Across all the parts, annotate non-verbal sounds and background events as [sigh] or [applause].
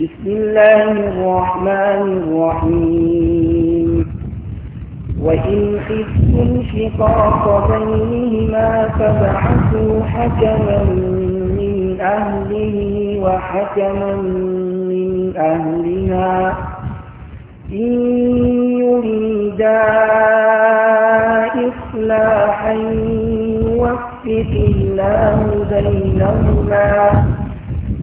بسم الله الرحمن الرحيم وإن خفتم شقاق بينهما فبعثوا حكما من أهله وحكما من أهلها إن يريدا إصلاحا يوفق الله بينهما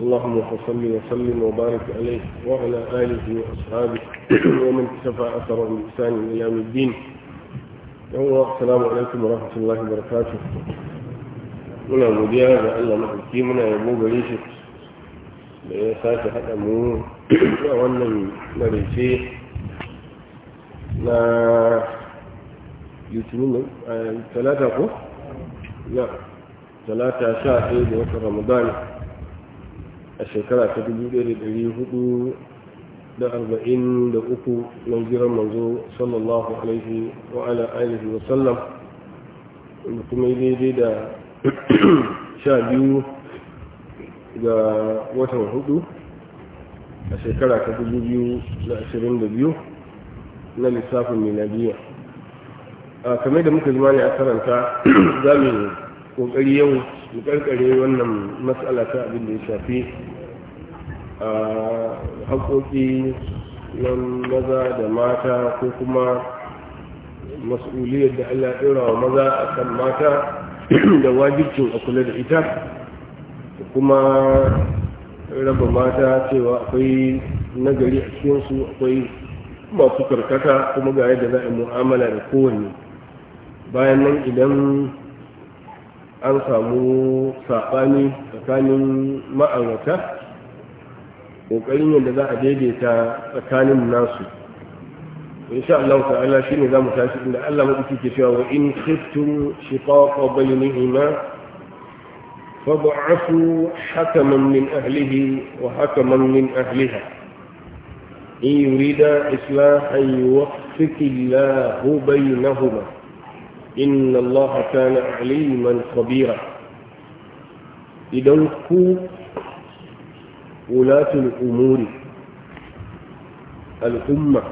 اللهم صل وسلم وبارك عليه وعلى آله وأصحابه ومن تشفى أثر الإنسان إلى يوم الدين السلام عليكم ورحمة الله وبركاته ولا مديا إلا ما حكيمنا يا أبو بليش بإحساس حتى مو وأنا مريشي لا يتمنى آه، ثلاثة أخوة لا ثلاثة شهر في رمضان a shekara ta 1443 na jiran manzo sallallahu alaihi wa ala alihi wa sallam da kuma daidai da [clears throat] sha biyu ga watan hudu a shekara ta 2022 na lissafin miladiya kamar da muka zama ne a karanta [clears throat] za mu kokari yau mu karkare wannan matsala ta abin da ya shafi A haƙoƙi na maza da mata ko kuma mas'uliyar da Allah ɗora wa maza a kan mata [clears throat] da wajibcin a kula da ita kuma raba mata cewa akwai nagari a cikinsu akwai masu karkata kuma ga yadda za a mu'amala da kowanne bayan nan idan an samu saɓani tsakanin ma'aurata kokarin yadda za a daidaita tsakanin nasu insha Allah ta'ala shine za mu tashi inda Allah madauki ke cewa wa in khiftum shiqaqa bainihima fab'athu hakaman min ahlihi wa hakaman min ahliha in yurida islahan yuwaffiq Allah bainahuma inna Allah kana aliman khabira idan ku wulatul umuri al'umma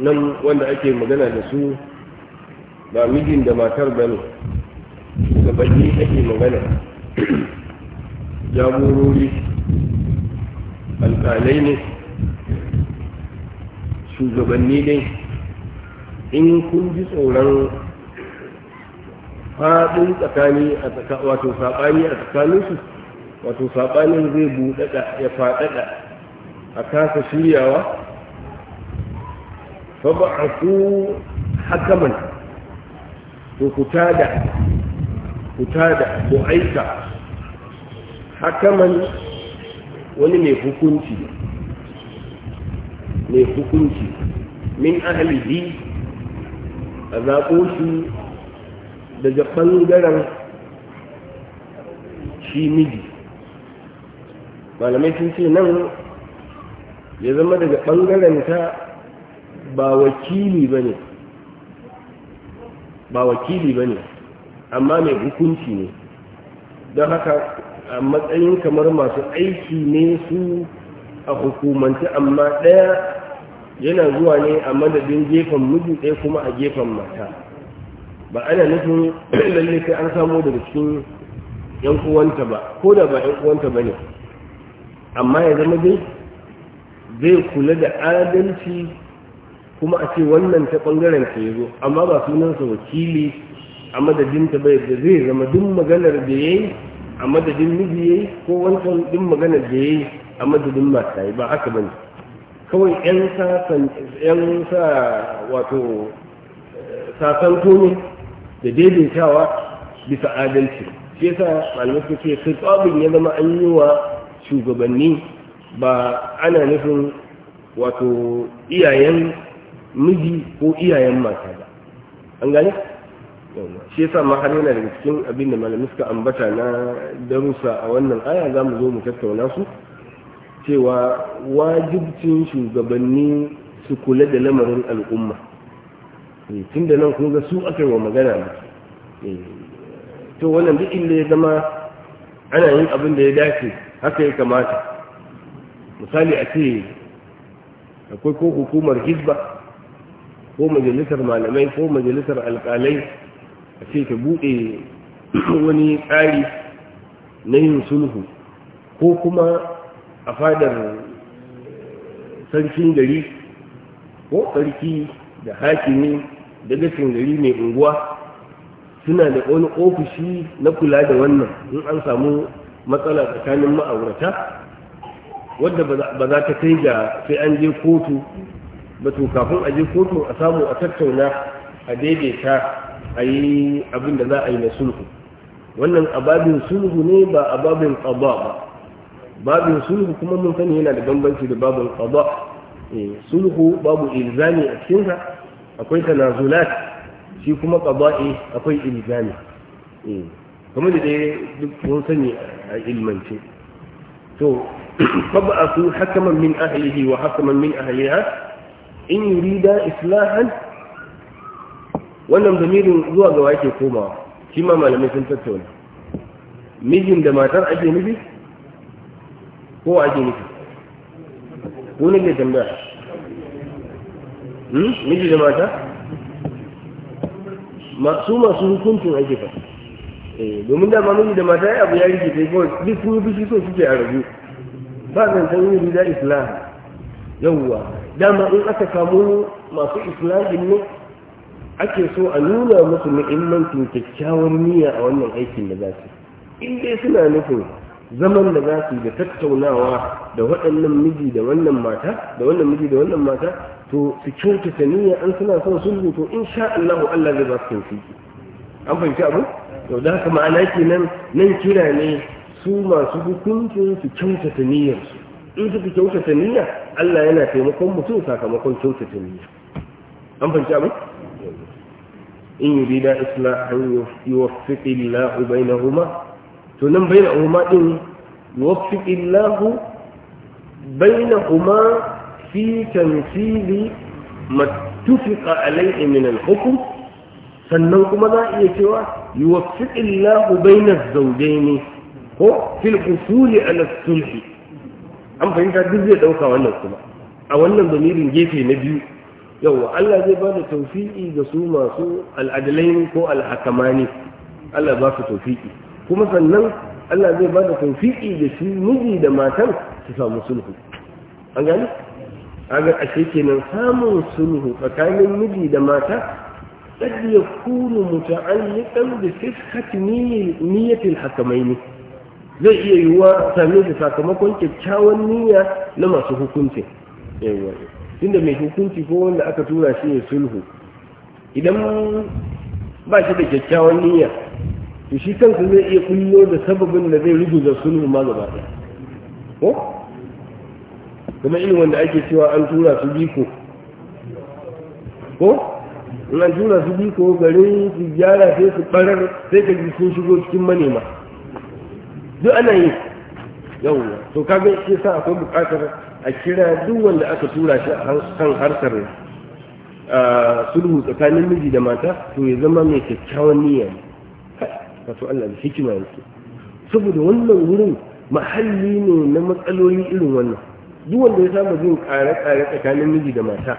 nan wanda ake magana da su ba mijin da matar ba ne ake magana jagorori alƙalai ne shugabanni dai in kun ji tsoron faɗin tsakani a wato saɓani a tsakaninsu wato saɓanin zai buɗaɗa ya faɗaɗa a kasa shiryawa fa ba a su hakaman to ku tada ku aika hakaman wani mai hukunci mai hukunci min ahalihi a zaɓo shi daga ɓangaren shi miji malamai sun ce nan ya zama daga ɓangaren ba wakili ba ne ba wakili ba ne amma mai hukunci ne don haka a matsayin kamar masu aiki ne su a hukumance amma ɗaya yana zuwa ne a madadin gefen miji ɗaya kuma a gefen mata ba ana nufin [clears throat] lalle sai an samu daga cikin 'yan ba ko da ba 'yan uwanta ba ne amma ya zama dai zai kula da adalci kuma a ce wannan ta ɓangaren ta ya zo amma ba sunansa wakili a madadin ta bai da zai zama duk maganar da ya yi a madadin miji ya yi ko wancan duk maganar da ya yi a madadin mata ba haka bane kawai yan sa yan sa wato sasanto ne da daidaitawa bisa adalci shi yasa malamai suke sai tsabin ya zama an yi wa shugabanni ba ana nufin wato iyayen miji ko iyayen mata ba an gane shi yasa ma har yana daga cikin abin da malami suka ambata na darussa a wannan aya za mu zo mu tattauna su cewa wajibcin shugabanni su kula da lamarin al'umma eh, tun da nan kuma su aka yi wa magana ba eh, to wannan duk inda ya zama ana yin abin da ya dace haka ya kamata misali a ce akwai ko hukumar hizba ko majalisar malamai ko majalisar alkalai a ce ta buɗe [clears throat] wani tsari na yin sulhu ko kuma a fadar sarkin gari ko sarki da hakimi da gashin gari mai unguwa suna da wani ofishi na kula da wannan in an samu matsala tsakanin ma'aurata wadda ba za ta kai ga sai an je kotu ba to kafin a je kotu a samu a tattauna a daidaita a yi abin da za a yi na sulhu wannan ababin sulhu ne ba ababin qada ba babin sulhu kuma mun sani yana da bambanci da babin qada eh, sulhu babu ilzami a cikinsa akwai tanazulat shi kuma qada'i akwai ilzami eh. kamar da dai duk mun sani a ilmance to [clears throat] fab'athu hakaman min ahlihi wa hakaman min ahliha in yurida islahan wannan damirin zuwa ga wake komawa shi ma malamai sun tattauna mijin da matar ake nufi ko ake nufi ko ne ke tambaya hmm? miji da mata su masu hukuncin ake fasa Eh, domin dama mamuni da mata abu ya rike ta kawai duk sun yi fushi so suke a rabu ba zan san yin rida islam yawwa dama in aka samu masu islam din ne ake so a nuna musu muhimmancin kyakkyawar niyya a wannan aikin da za su in suna nufin zaman da za su da tattaunawa da waɗannan miji da wannan mata da wannan miji da wannan mata to su kyautata niyya an suna son sulhu to in sha Allah Allah zai ba su tawfiki an fahimci abu yau da haka ma'ana kenan nan kira ne su masu hukuncin su kyautata niyyarsu in fi kyautata niyya Allah yana taimakon mutum sakamakon kyautata niyya an fahimci abin in yurida islahan yuwaffiqillahu bainahuma to nan bainahuma din yuwaffiqillahu bainahuma fi tanfili ma tufiqa alayhi min al-hukm sannan kuma za a iya cewa يوفق الله بين الزوجين هو في الحصول على الصلح an fahimta duk zai ɗauka wannan kuma a wannan zamirin gefe na biyu yawa Allah zai bada da tawfiqi ga su masu al'adalaini ko al'akamani Allah ba su tawfiqi kuma sannan Allah zai ba da tawfiqi miji da matan su samu sulhu an gani aga ashe kenan samun sulhu tsakanin miji da mata قد يكون متعلقا بصحة نية الحكمين zai iya yiwuwa same shi sakamakon kyakkyawan niyya na masu hukunci tunda mai hukunci ko wanda aka tura shi ne sulhu idan ba shi da kyakkyawan niyya to shi kansa zai iya kullo da sababin da zai ruguza sulhu ma gaba ko kuma irin wanda ake cewa an tura su biko ko in an tura su bi ko garin su gyara sai su barar sai ka ji shigo cikin manema duk ana yi yawwa to kaga shi sa akwai bukatar a kira duk wanda aka tura shi kan harkar sulhu tsakanin miji da mata to ya zama mai kyakkyawan niyya wato Allah da hikima yake saboda wannan wurin mahalli ne na matsaloli irin wannan duk wanda ya saba jin ƙare-ƙare tsakanin miji da mata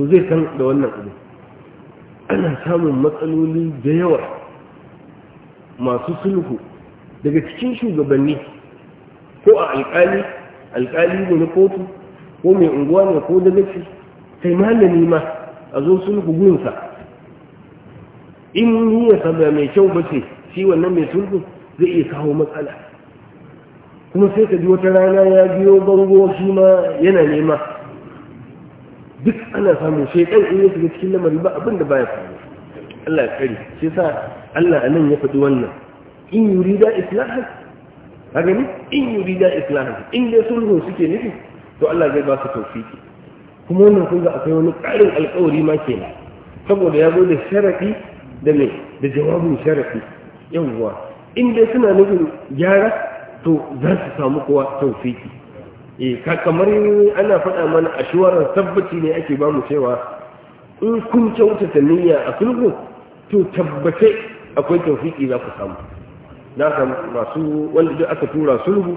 to zai san da wannan abu ana samun matsaloli da yawa masu sulhu daga cikin shugabanni ko a alkali alkali ne na kotu ko mai unguwa ne ko da Kai sai malami ma a zo sulhu gunsa in ya ba mai kyau ba ce shi wannan mai sulhu zai iya kawo matsala kuma sai ka ji wata rana ya biyo bango shi ma yana nema duk ana samun shaidan in ya cikin lamari ba abin da baya faru Allah ya kare shi yasa Allah anan ya faɗi wannan in da islahan ka gani in da islahan in dai sulhu suke nufi to Allah zai ba su tawfiki kuma wannan kun ga akwai wani ƙarin alƙawari ma kenan saboda ya zo da da mai da jawabin sharaɗi yawwa in dai suna nufin gyara to za su samu kowa tawfiki Eh, kamar ana faɗa mana a shawarar tabbaci ne ake ba mu cewa in kun kyautata niyya a sulhu to tabbace akwai tawfiki za ku samu na ka masu wanda duk aka tura sulhu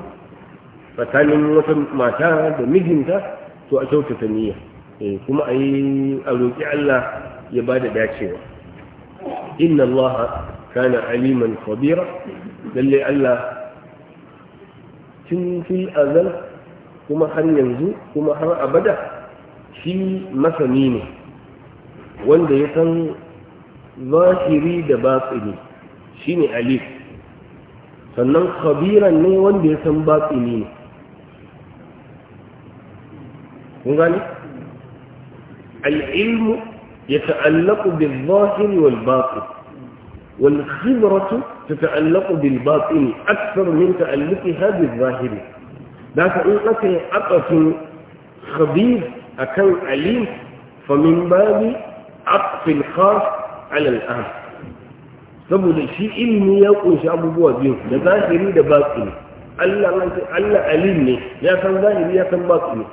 tsakanin wata mata da mijinta to a kyautata niyya eh, kuma a yi a roƙi Allah ya ba da dacewa inna Allah kana aliman khabira lalle Allah tun fil azal kuma har yanzu kuma har abada shi masani ne wanda ya san zahiri da batsini ne alif sannan khabiran ne wanda ya san batsini ne kun gane al'ilmu ya ta'allaku bil zahiri wal batin wal khibratu ta'allaku bil batini akthar min ta'alluqiha bil zahiri da ka in aka yi atsafin khabir kan alim famin babi aqfil khas ala saboda shi ilimi ya kunshi abubuwa biyu da zahiri da batini Allah Allah alim ne ya san zahiri ya san ne?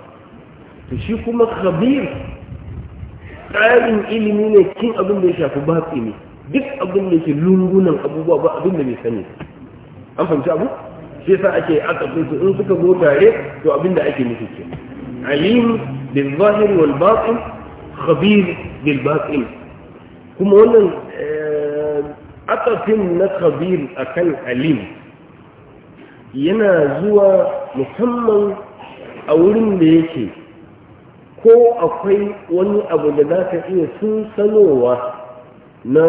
to shi kuma khabir tsarin ilimi ne kin abin da ya shafi ne, duk abin da ke lungunan abubuwa ba abin da bai sani an fahimci abu shi ake akafin su in suka zo tare to abinda ake nufi ke alim bil zahir wal batin khabir bil batin kuma wannan eh, akafin na khabir akan alim yana zuwa musamman a wurin da yake ko akwai wani abu da za ka iya sun sanowa na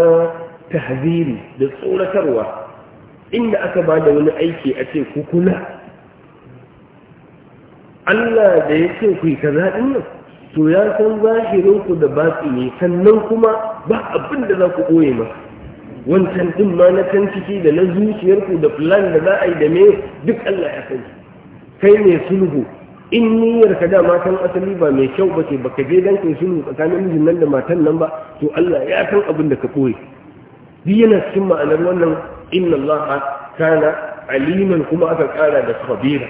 tahziri da tsoratarwa inda aka ba da wani aiki a ce ku kula Allah da ya ce ku yi kaza nan to ya san zahirin ku da batsi ne sannan kuma ba abin da za ku ɓoye ma. wancan din ma na can ciki da na zuciyarku da plan da za a yi da me duk Allah ya sani kai ne sulhu in niyyar ka da matan asali ba mai kyau ba ce baka je dan kai sulhu tsakanin mijin nan da matan nan ba to Allah ya san abin da ka ɓoye duk yana cikin ma'anar wannan inna Allah kana aliman kuma aka kara da khabira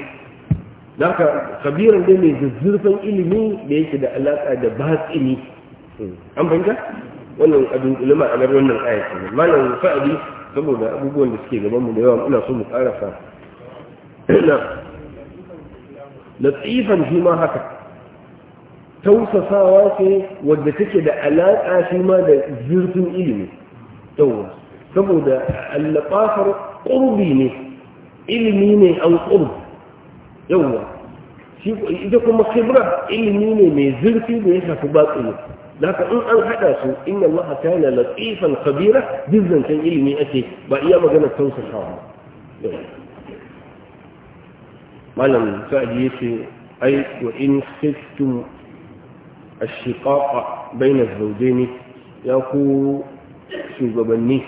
haka khabiran dai mai zuzzurfan ilimi da yake da alaka da batsini an fahimta wannan abin ulama a wannan ayat malam fa'adi saboda abubuwan da suke gaban mu da yawa ina so mu karasa latifan shi ma haka tausasawa ce wadda take da alaƙa shi ma da zurfin ilimi yawwa سبودا اللطافر قربيني علميني أو قرب يوه إذا كنت مخبرة علميني ميزرتي ليسا فباطئي لكن إن أن حدثوا إن الله كان لطيفا خبيرا جزا كان علمي أتي بأي ما كانت توسى شعبا ما لم تأديسي أي وإن خفتم الشقاق بين الزوجين يقول شو ببنيه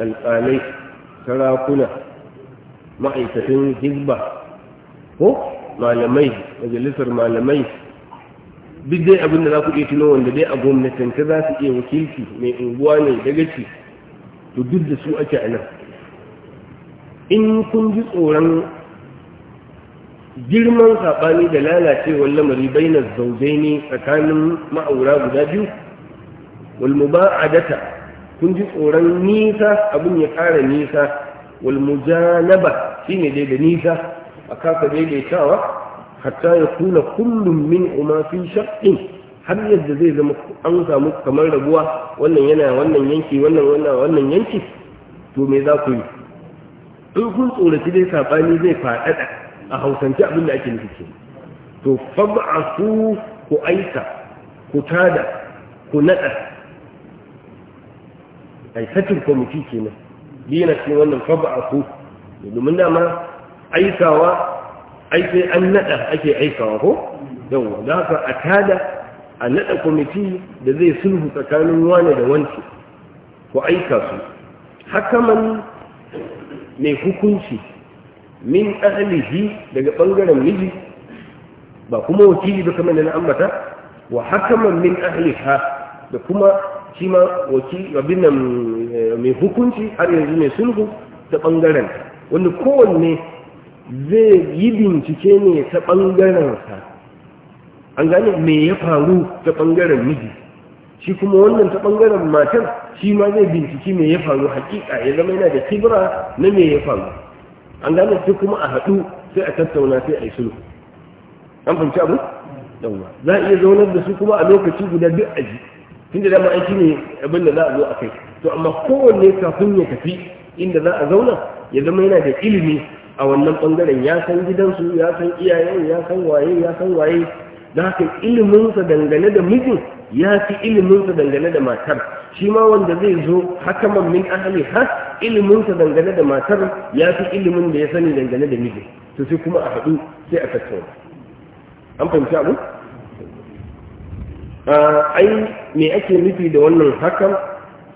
الآلي تراكنا معيكة جذبة هو مالمي مجلس المالمي بدي أبن الله كي لدي أبن نتن كذا سئي إيه وكيلتي من إنواني دقتي تدد سوء جعنا إن كن جسورا جرمان خاقاني دلالة واللمري بين الزوجين فكان مع أولاد والمباعدة kun ji tsoron nisa abin ya ƙara nisa wal mujanaba ne dai da nisa a kasa daidaitawa hatta ya kuna kullum min uma fi har yadda zai zama an samu kamar raguwa wannan yana wannan yanki wannan wannan wannan yanki to me za ku yi in kun tsoraci dai saɓani zai faɗaɗa a hausance abin da ake nufi to fab'asu ku aika ku tada ku naɗa. ai satin kwamiti kenan biyan ce wannan faba a ku domin dama aikawa ai sai an nada ake aikawa ko Don haka a tada a naɗa kwamiti da zai sulhu tsakanin wani da wanci ku aika su hakaman mai hukunci min ahlihi daga ɓangaren miji ba kuma wakili ba kamar da na ambata wa hakaman min ahliha da kuma shi ma waki abin nan eh, mai hukunci har yanzu mai sulhu ta bangaren wanda kowanne zai yi bincike ne ta bangarensa an gane me ya faru ta bangaren miji shi kuma wannan ta bangaren matar shi ma zai bincike me ya faru hakika ya zama yana da kibra na me ya faru an gane shi kuma a haɗu sai a tattauna sai a yi sulhu an fahimci abu yawwa za a iya zaunar da su kuma a lokaci guda duk aji tunda da dama ne abin da za a zo a kai to amma kowanne kafin ya tafi inda za a zauna ya zama yana da ilimi a wannan bangaren ya san gidansu ya san iyayen ya san waye ya san waye da haka iliminsa dangane da mijin ya fi iliminsa dangane da matar shi ma wanda zai zo hakaman min ahli ha iliminsa dangane da matar ya fi ilimin da ya sani dangane da mijin to sai kuma a haɗu sai a tattauna an fahimci abu ai me ake nufi da wannan hakan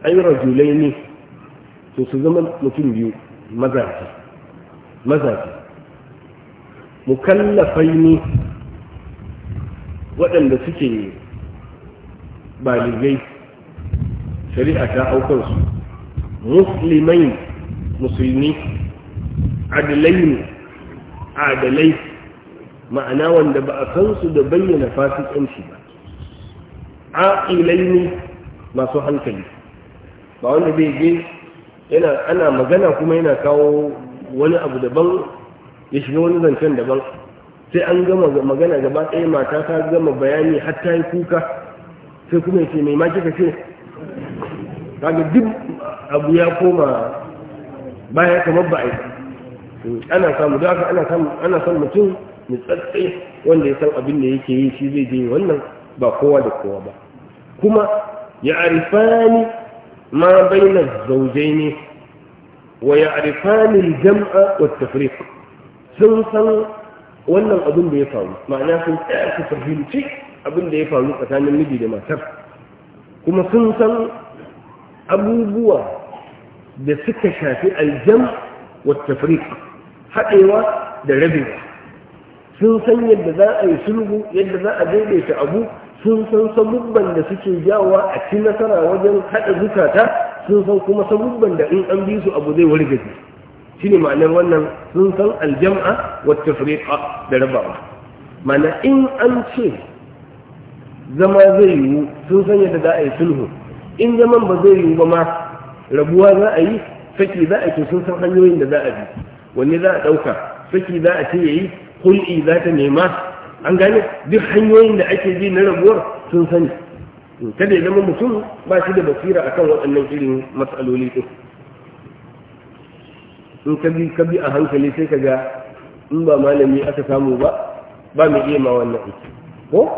ai rajulai ne to su zama mutum biyu mazaje mazafi mukallafai ne waɗanda suke baligai shari'a ta su. Musulmai, musulmi adalai ne adalai ma'ana wanda ba a san su da bayyana fasikanci ba aqilaini masu hankali ba wanda bai je yana ana magana kuma yana kawo wani abu daban ya shiga wani zancen daban sai an gama magana gaba ɗaya mata ta gama bayani har ta yi kuka sai kuma ya ce mai ma kika ce kaga duk abu ya koma baya kamar ba aiki ana samu da haka ana samu ana son mutum mai tsatsi wanda ya san abin da yake yi shi zai je wannan ba kowa da kowa ba كما يعرفان ما بين الزوجين ويعرفان الجمع والتفريق سنسل وانا اظن بيفعل معناه سن اعكس الهلتي اظن بيفعل اتاني النبي لما سر كما سنسل ابو بوا بسكة شافي الجمع والتفريق حتى هو ده ربيع سنسل يد ذا اي sun san sabubban da suke jawa a ci nasara wajen haɗa zukata sun san kuma sabubban da in an bi su abu zai gaji shi ne ma'anar wannan sun san aljam'a wata tafriqa da rabawa mana in an ce zama zai yiwu sun san yadda za a yi sulhu in zaman ba zai yiwu ba ma rabuwa za a yi saki za a ce sun san hanyoyin da za a bi wanne za a ɗauka saki za a ce ya yi hul'i za ta nema an gane duk hanyoyin da ake bi na rabuwar sun sani kada ya zama mutum ba shi da basira akan waɗannan irin matsaloli ɗin in ka bi ka bi a hankali sai ka ga in ba malami aka samu ba ba mai iya ma wannan aiki ko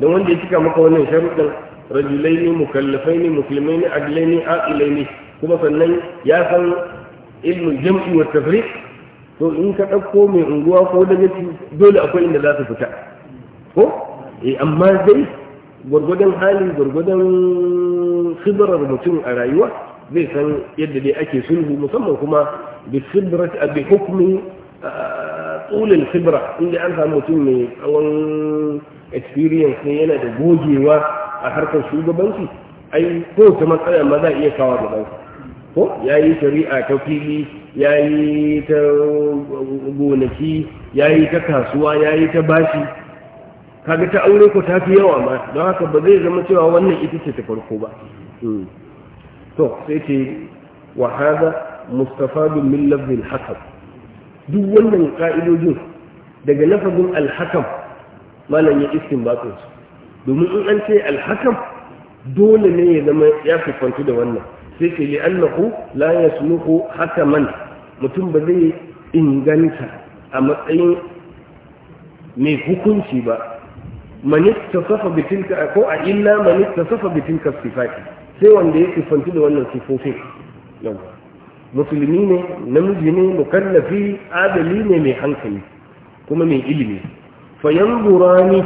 don wanda ya cika maka wannan sharuɗin rajulai ne mukallafai ne musulmai ne adilai ne aƙilai ne kuma sannan ya san ilmin jam'i wa tafriq to in ka ɗauko mai unguwa ko daga dole akwai inda za su fita ko eh, amma dai gwargwadon hali gwargwadon sidirar mutum a rayuwa zai san yadda dai ake sulhu musamman kuma bi sidrat bi hukmi tsulin sidra inda an samu mutum mai tsawon experience ne yana da gogewa a harkar shugabanci ai ko ta matsaya ma za a iya kawo gabansa ko ya yi shari'a ta fili ya yi ta gonaki ya yi ta kasuwa ya yi ta bashi kaga ta aure ko ta fi yawa ma don haka ba zai zama cewa wannan ita ce ta farko ba hmm. to sai ce wa hada bin min lafzin hakam duk wannan ka'idojin daga lafazin alhakam malam ya iskin batsun su domin in an ce alhakam dole ne ya zama ya kwanci da wannan sai ce li annahu la yasluhu hakaman mutum ba zai inganta a matsayin mai hukunci ba man ittasafa bi tilka ko a illa man ittasafa bi tilka sifati sai wanda ya sifanci da wannan sifofin musulmi ne namiji ne mukallafi adali ne mai hankali kuma mai ilimi fa yanzurani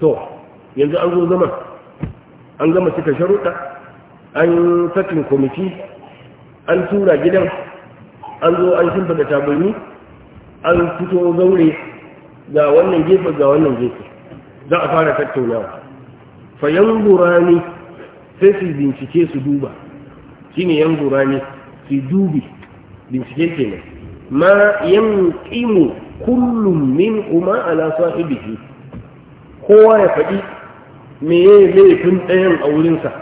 to yanzu an zo zama an gama cika sharuɗa an sakin kwamiti an tura gidan an zo an shimfa da tabarni an fito zaure ga wannan gefe ga wannan gefe za a fara tattaunawa fa yanzurani sai su bincike su duba yan yanzurani su dubi bincike kenan ma 'yan ƙimu kullum min a ala sahibihi kowa ya faɗi me ya laifin ɗayan a wurinsa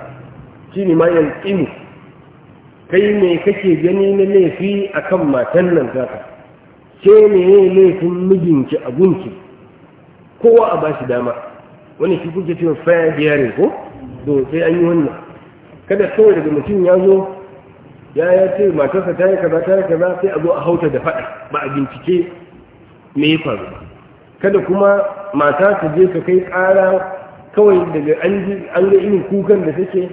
ne ma 'yan ƙimu? kai me kake gani na laifi a kan matan nan taka ya me laifin mijinki a gunki kowa a bashi dama wani shi kuke cewa fire hearing ko to sai an yi wannan kada kawai daga mutum ya zo ya ya ce matarsa ta yi kaza ta yi kaza sai a zo a hauta da faɗa ba a bincike me ya faru kada kuma mata ta je ka kai ƙara kawai daga an ji an ga irin kukan da take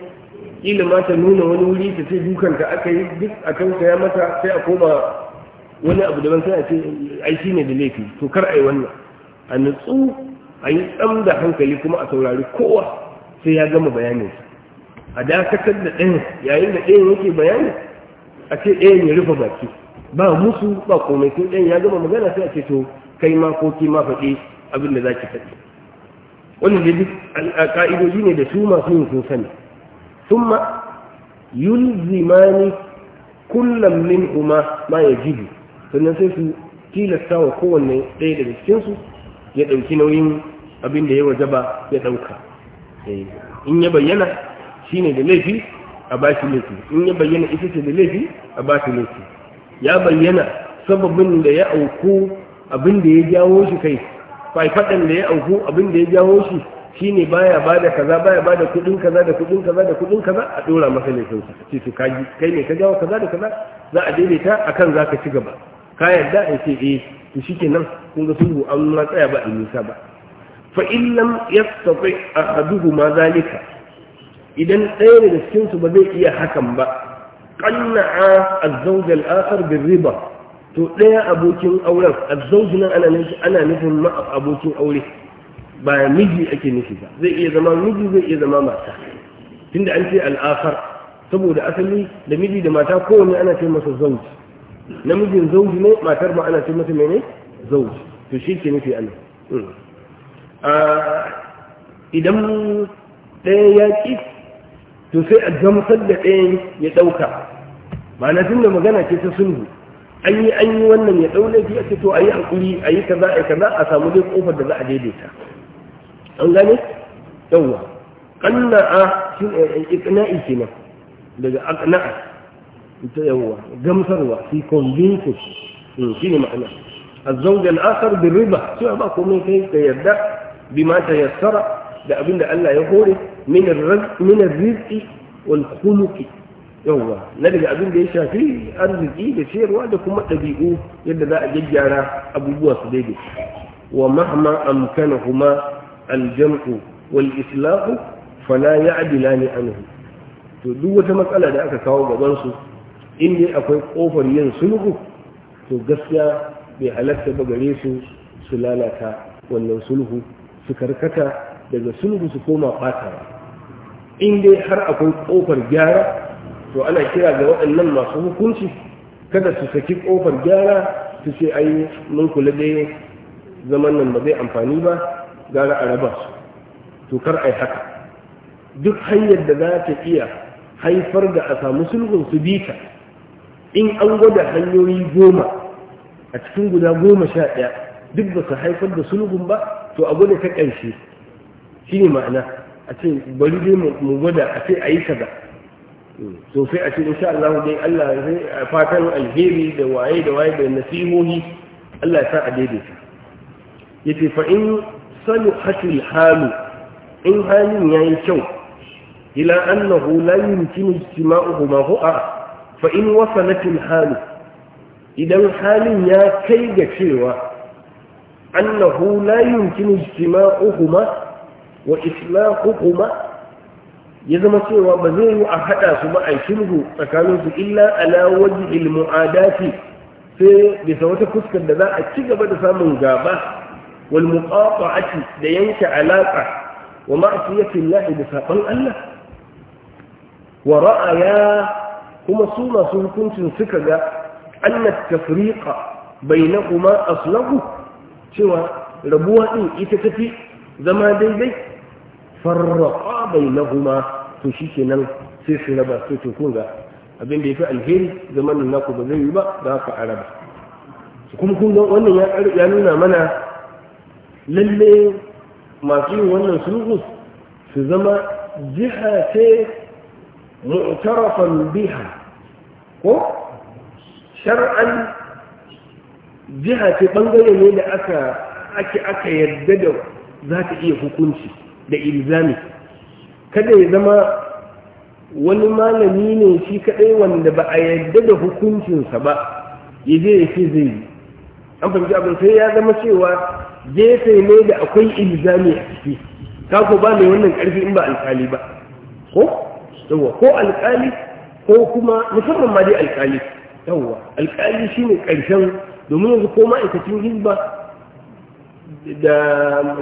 kila ma ta nuna wani wuri ta ce dukan ta aka yi duk a kan ya mata sai a koma wani abu daban sai a ce ai ne da laifi to kar ai wannan a nutsu a yi tsam da hankali kuma a saurari kowa sai ya gama su. a dakatar da ɗayan yayin da ɗayan yake bayani a ce ɗayan ya rufe baki ba musu ba komai sai ɗayan ya gama magana sai a ce to kai ma ko ki ma faɗi abin da za ki faɗi wannan da duk ƙa'idoji ne da su masu yin sun sani summa yulzimani kullum min umma ma ya jibi sannan sai su tilasta wa kowanne ɗaya daga cikinsu ya ɗauki nauyin abin da ya wajaba ya ɗauka eh, in ya bayyana shi ne da laifi a ba shi laifi in ya bayyana ita ce da laifi a ba shi laifi ya bayyana sababin da ya auku abin da ya jawo shi kai faifaɗan da ya auku abin da ya jawo shi shi ne baya ba da kaza baya ba da kuɗin kaza da kuɗin kaza da kuɗin kaza a ɗora masa ne su ce su kaji kai ne ka jawo kaza da kaza za a daidaita akan za ka ci gaba ka yarda in ce eh to shi kenan kun ga sulhu an ma tsaya ba a nisa ba fa in lam yastati ahaduhuma zalika idan ɗaya daga cikin su ba zai iya hakan ba qanna'a az-zawj al-akhar bir-riba to ɗaya abokin auren az-zawj nan ana nufin ana nufin abokin aure ba miji ake nufi ba zai iya zama miji zai iya zama mata tunda an ce al'afar saboda asali da miji da mata kowanne ana ce masa zauji namijin zauji ne matar ma ana ce masa mene zauj to shi ke nufi anan idan ɗaya ya ƙi to sai a gamsar da ɗaya ya ɗauka ma'ana tun da magana ce ta sulhu an yi wannan ya ɗau laifi a ce to a yi haƙuri a yi kaza a kaza a samu dai ƙofar da za a daidaita an gane yawwa ƙanna'a iƙna'i kenan daga aqna'a ita yawwa gamsarwa fi convincing shi ne ma'ana الزوج الآخر بالربا سوى ما كومي كي yarda بما تيسر da abin da Allah ya hore minar rizki wal khuluqi yawa na daga abin da ya shafi arziki da ciyarwa da kuma ɗabi'u yadda za a gyaggyara abubuwa su daidai wa mahma amkanahuma aljam'u wal islahu fala ya'dilani anhu to duk wata matsala da aka kawo gaban in dai akwai ƙofar yin sulhu to gaskiya bai halatta ba gare su su lalata wannan sulhu su karkata daga sulhu su koma fata in dai har akwai ƙofar gyara to ana kira ga waɗannan masu hukunci kada su saki ƙofar gyara su ce ai mun kula dai zaman nan ba zai amfani ba gara a raba su to kar ai haka duk hanyar da za ta iya haifar da a samu sulhun su bita in an gwada hanyoyi goma a cikin guda goma sha ɗaya duk ba su haifar da sulhun ba to a gwada ta ƙarshe shi ne ma'ana a ce bari dai mu gwada a ce a yi kaza to sai a ce sha Allah dai Allah ya fatan alheri da waye da waye da nasihohi Allah ya sa a daidaita yace fa in saluhatul halu in halin yayi kyau ila annahu la yumkinu ijtima'uhuma a fa in wasalatul halu idan halin ya kai ga cewa annahu la yumkinu ijtima'uhuma wa islahuhuma ya zama cewa ba zai yi a hada su ba a sulhu tsakanin su illa ala wajhil mu'adati sai bisa wata fuskar da za a ci gaba da samun gaba wal muqata'ati da yanke alaka wa ma'siyati da saban Allah wa ra'aya kuma su masu hukuncin suka ga anna tafriqa bainahuma aslahu cewa rabuwa din ita tafi zama daidai farraqa bainahuma to shikenan sai su raba sai to kun ga abin da yafi alheri zamanin naku ba zai yi ba za ka araba kuma kun wannan ya nuna mana lalle masu yin wannan sulhu su zama jiha ce mu'tarafan biha ko shar'an jiha ce bangare ne da aka ake aka yadda da za ta iya hukunci da ilzami kada ya zama wani malami ne shi kaɗai wanda ba a yadda da hukuncinsa ba ya je ya ce zai yi an fahimci abin sai ya zama cewa gefe ne da akwai ilzami a ciki kako ba mai wannan karfi in ba alkali ba ko ko alkali ko kuma musamman ma dai alkali yawwa alƙali shi ne ƙarshen domin yanzu ko ma'aikacin hizba da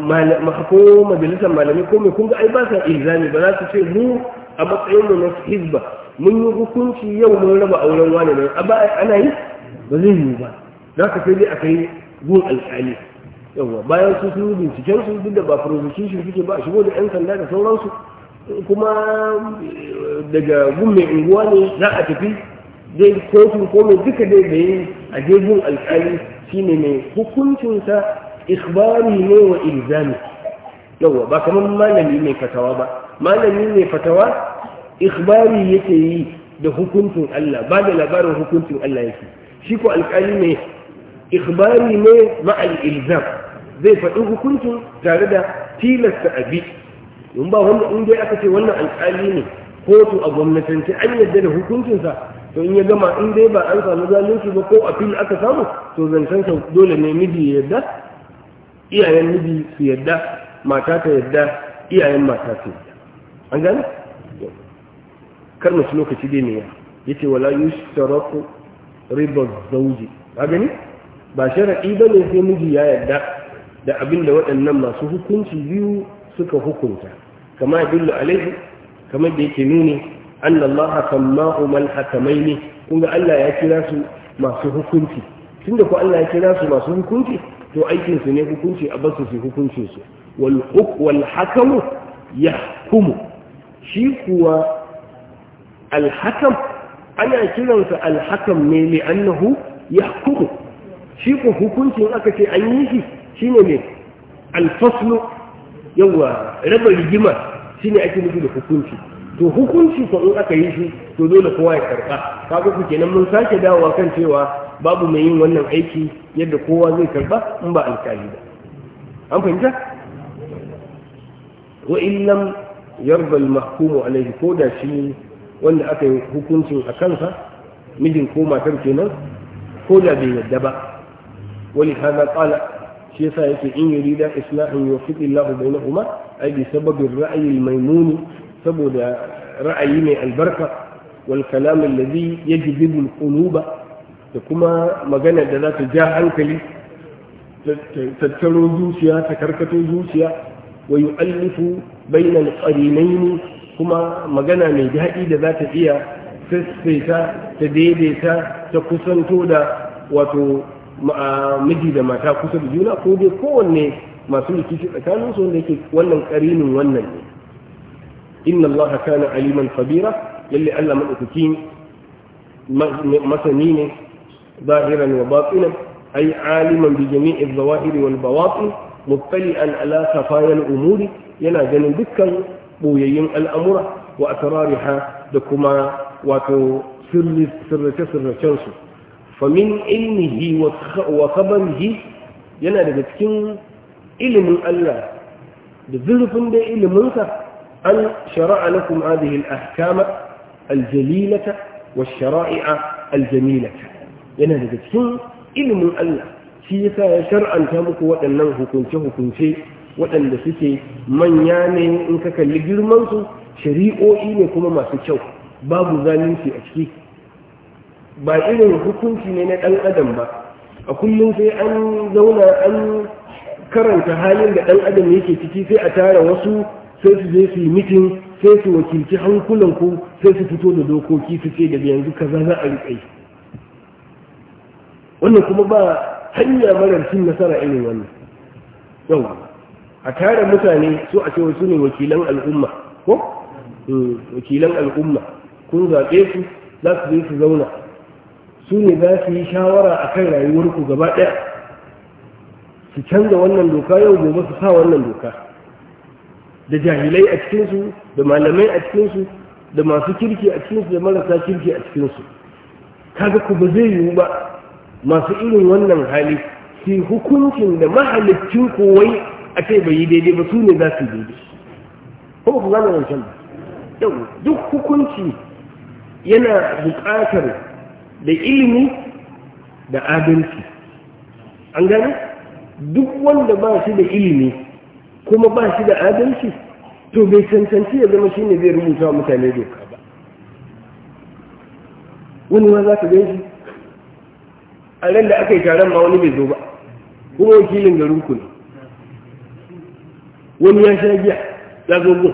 ko majalisar malamai ko mai kunga ai ba sa ilzami ba za su ce mu a matsayin mu na hizba mun yi hukunci yau mun raba auren wani ne a ba ana yi ba zai yi ba za ka sai dai a kai gun alƙali yawwa bayan su sun binciken su duk da ba prosecution suke ba a shigo da yan sanda da sauransu kuma eh, daga gun mai unguwa ne za a tafi dai kotu ko mai duka dai da yi a jejin alkali shine mai hukuncinsa ikhbari ne wa ilzami yawa ba kamar malami mai fatawa ba malami mai fatawa ikhbari yake yi da hukuncin Allah ba da labarin hukuncin Allah yake shi ko alkali ne ikhbari ne ma'al ilzam zai faɗi hukuncin tare da tilasta abi in ba wanda in dai aka ce wannan alkali ne kotu a gwamnatance an yadda da hukuncinsa to in ya gama in dai ba an samu zalunci ba ko a fili aka samu to zancen sa dole ne miji ya yarda iyayen miji su yarda mata ta yarda iyayen mata su yarda an gane kar mu ci lokaci dai ne ya yace wala yushtaratu riba zawji ka gani ba sharadi ba ne sai miji ya yarda da abin da waɗannan masu hukunci biyu suka hukunta kama ya alaihi kamar da yake nuni annallaha sama'u man hakamaini kun ga Allah ya kira su masu hukunci tunda ko Allah ya kira su masu hukunci to aikin su ne hukunci a basu su hukunci su wal huk wal hakamu yahkumu shi kuwa al hakam ana kiransa al hakam ne li annahu yahkumu shi ko hukuncin aka ce an yi shi shine ne al faslu yawa raba rigima shine ake nufi da hukunci to hukunci ko in aka yi shi to dole kowa ya karɓa. kaga ku kenan mun sake dawowa kan cewa babu mai yin wannan aiki yadda kowa zai karba in ba alkali ba an fahimta wa in lam yarda al-mahkumu alayhi ko da shi wanda aka yi hukuncin a kansa mijin ko matar kenan ko da bai yadda ba wani hada kala shi yasa yake in yurida islahin yuwaffiqillahu bainahuma ay bi sababi ar-ra'yi al saboda ra'ayi mai albarka wal kalam allazi yajdibu al quluba da kuma magana da za ta ja hankali tattaro zuciya ta karkato zuciya wa yu'allifu bayna qarinain kuma magana mai daɗi da za ta iya sassaita ta daidaita ta kusanto da wato miji da mata kusa da juna ko dai kowanne masu rikici tsakaninsu wanda yake wannan ƙarinin wannan ne inna Allah kana aliman kabira lalle Allah madaukakin masani ne zahiran wa batinan ay aliman bi jami'i zawahiri wal bawatin muttali'an ala safayal umuri yana ganin dukkan boyayyin al'amura wa asrariha da kuma wato sirri sirrace sirracen su famin ilmihi wa khabarihi yana daga cikin ilimin Allah da zurfin da iliminsa أن شرع لكم هذه الأحكام الجليلة والشرائع الجميلة yana daga cikin ilimin Allah shi yasa ya shar'anta muku waɗannan hukunce-hukunce waɗanda suke manya ne in ka kalli girmansu shari'o'i ne kuma masu kyau babu zalunci a ciki ba irin hukunci ne na ɗan adam ba a kullum sai an zauna an karanta halin da ɗan adam yake ciki sai a tara wasu sai su je su yi mitin sai su wakilci hankulan ku sai su fito da dokoki su ce daga yanzu kaza za a rikai wannan kuma ba hanya marar cin nasara irin wannan yau a tare mutane su a cewa su ne wakilan al'umma ko hmm, wakilan al'umma kun zaɓe su za su je su zauna su ne za su yi shawara a kan rayuwarku gaba ɗaya su canza wannan doka yau gobe su sa wannan doka da jahilai a cikinsu da malamai a cikinsu da masu kirki a cikinsu da marasa kirki a cikinsu kaga ku ba zai yiwu ba masu irin wannan hali su hukuncin da mahalicin kowai a ce bai yi daidai ba su ne za su yi daidai kuma ku gane wancan ba yau duk hukunci yana buƙatar da ilimi da adalci an gane duk wanda ba shi da ilimi kuma ba shi da adalci to bai cancanci ya zama shine zai rubuta mutane doka ba wani ma za ka gan shi a ran da aka yi taron ma wani bai zo ba kuma wakilin garin ku ne wani ya sha giya ya zo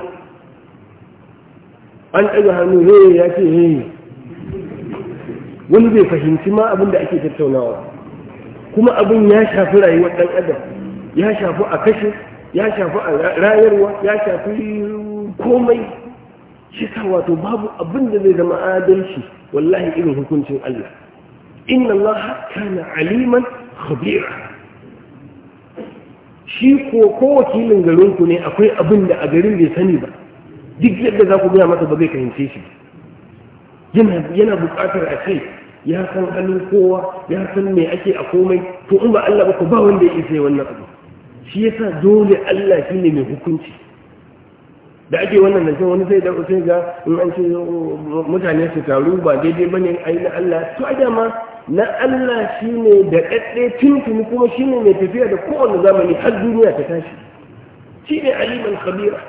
an ɗaga hannu he ya ce he wani bai fahimci ma abin da ake tattaunawa kuma abin ya shafi rayuwar ɗan adam ya shafi a kashe ya shafi rayarwa ya shafi komai shi sa wato babu abin da zai zama adalci wallahi irin hukuncin Allah inna Allah kana aliman khabira shi ko ko wakilin garinku ne akwai abin da a garin bai sani ba duk yadda za ku gaya masa ba zai fahimce shi yana buƙatar a kai ya san halin kowa ya san me ake a komai to in ba Allah ba ku ba wanda ya isa wannan abu shi ya sa dole Allah shi ne mai hukunci da ake wannan nan wani sai da sai ga in an ce oh, mutane su taru ba daidai ba a ai na Allah to a dama na Allah shi ne da ɗaɗɗe tuntuni kuma shi ne mai tafiya da kowane zamani har duniya ta tashi shi ne aliman khabira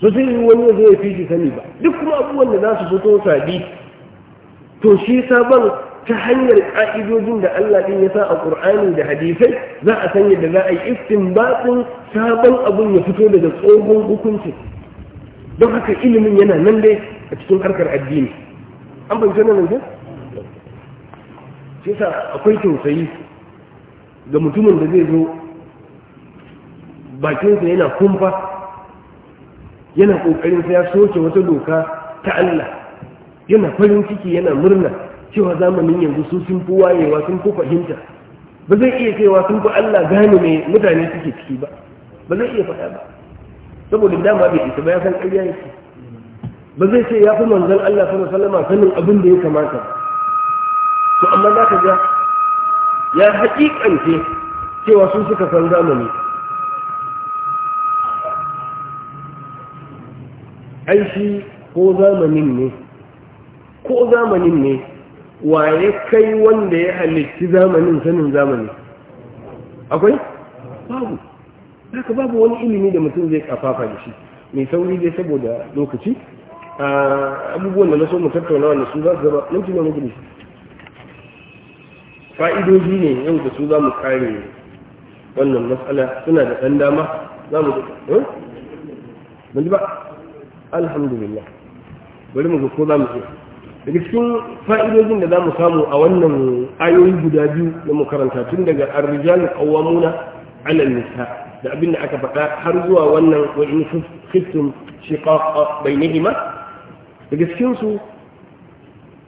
ba zai yi wani zai fi shi sani ba duk kuma abubuwan da za su fito sabi to shi sabon ta hanyar ƙa'idojin da Allah ɗin ya sa a Ƙur'ani da hadisai za a san yadda za a yi istinbatsin sabon abun ya fito daga tsohon hukuncin, don haka ilimin yana nan dai a cikin harkar addini an fahimci nan ne sai sa akwai tausayi ga mutumin da zai zo bakinsa yana kumfa yana ƙoƙarin sa ya soke wata doka ta Allah yana farin ciki yana murna cewa zamanin yanzu su sun fi wayewa sun fi fahimta ba zai iya cewa sun fi Allah gane mai mutane suke ciki ba ba zai iya faɗa ba saboda dama bai isa ba ya san ƙarya yake ba zai ce ya fi manzon Allah sallallahu alaihi wasallam sanin abin da ya kamata to amma za ka ga ya haƙiƙance cewa sun suka san zamani ai shi ko zamanin ne ko zamanin ne waye kai wanda ya halitti zamanin sanin zamani akwai babu haka babu wani ilimi da mutum zai kafafa da shi mai sauri dai saboda lokaci abubuwan da na so mu tattauna wanda su za su zama nan tuna muku fa'idoji ne yau da su za mu kare wannan matsala suna da ɗan dama za mu eh? ba alhamdulillah bari mu ga ko za mu iya daga cikin fa'idojin da za mu samu a wannan ayoyi guda biyu da makaranta tun daga arrijal qawwamuna ala nisa da abin da aka faɗa har zuwa wannan wa in khiftum bai bainihima daga cikin su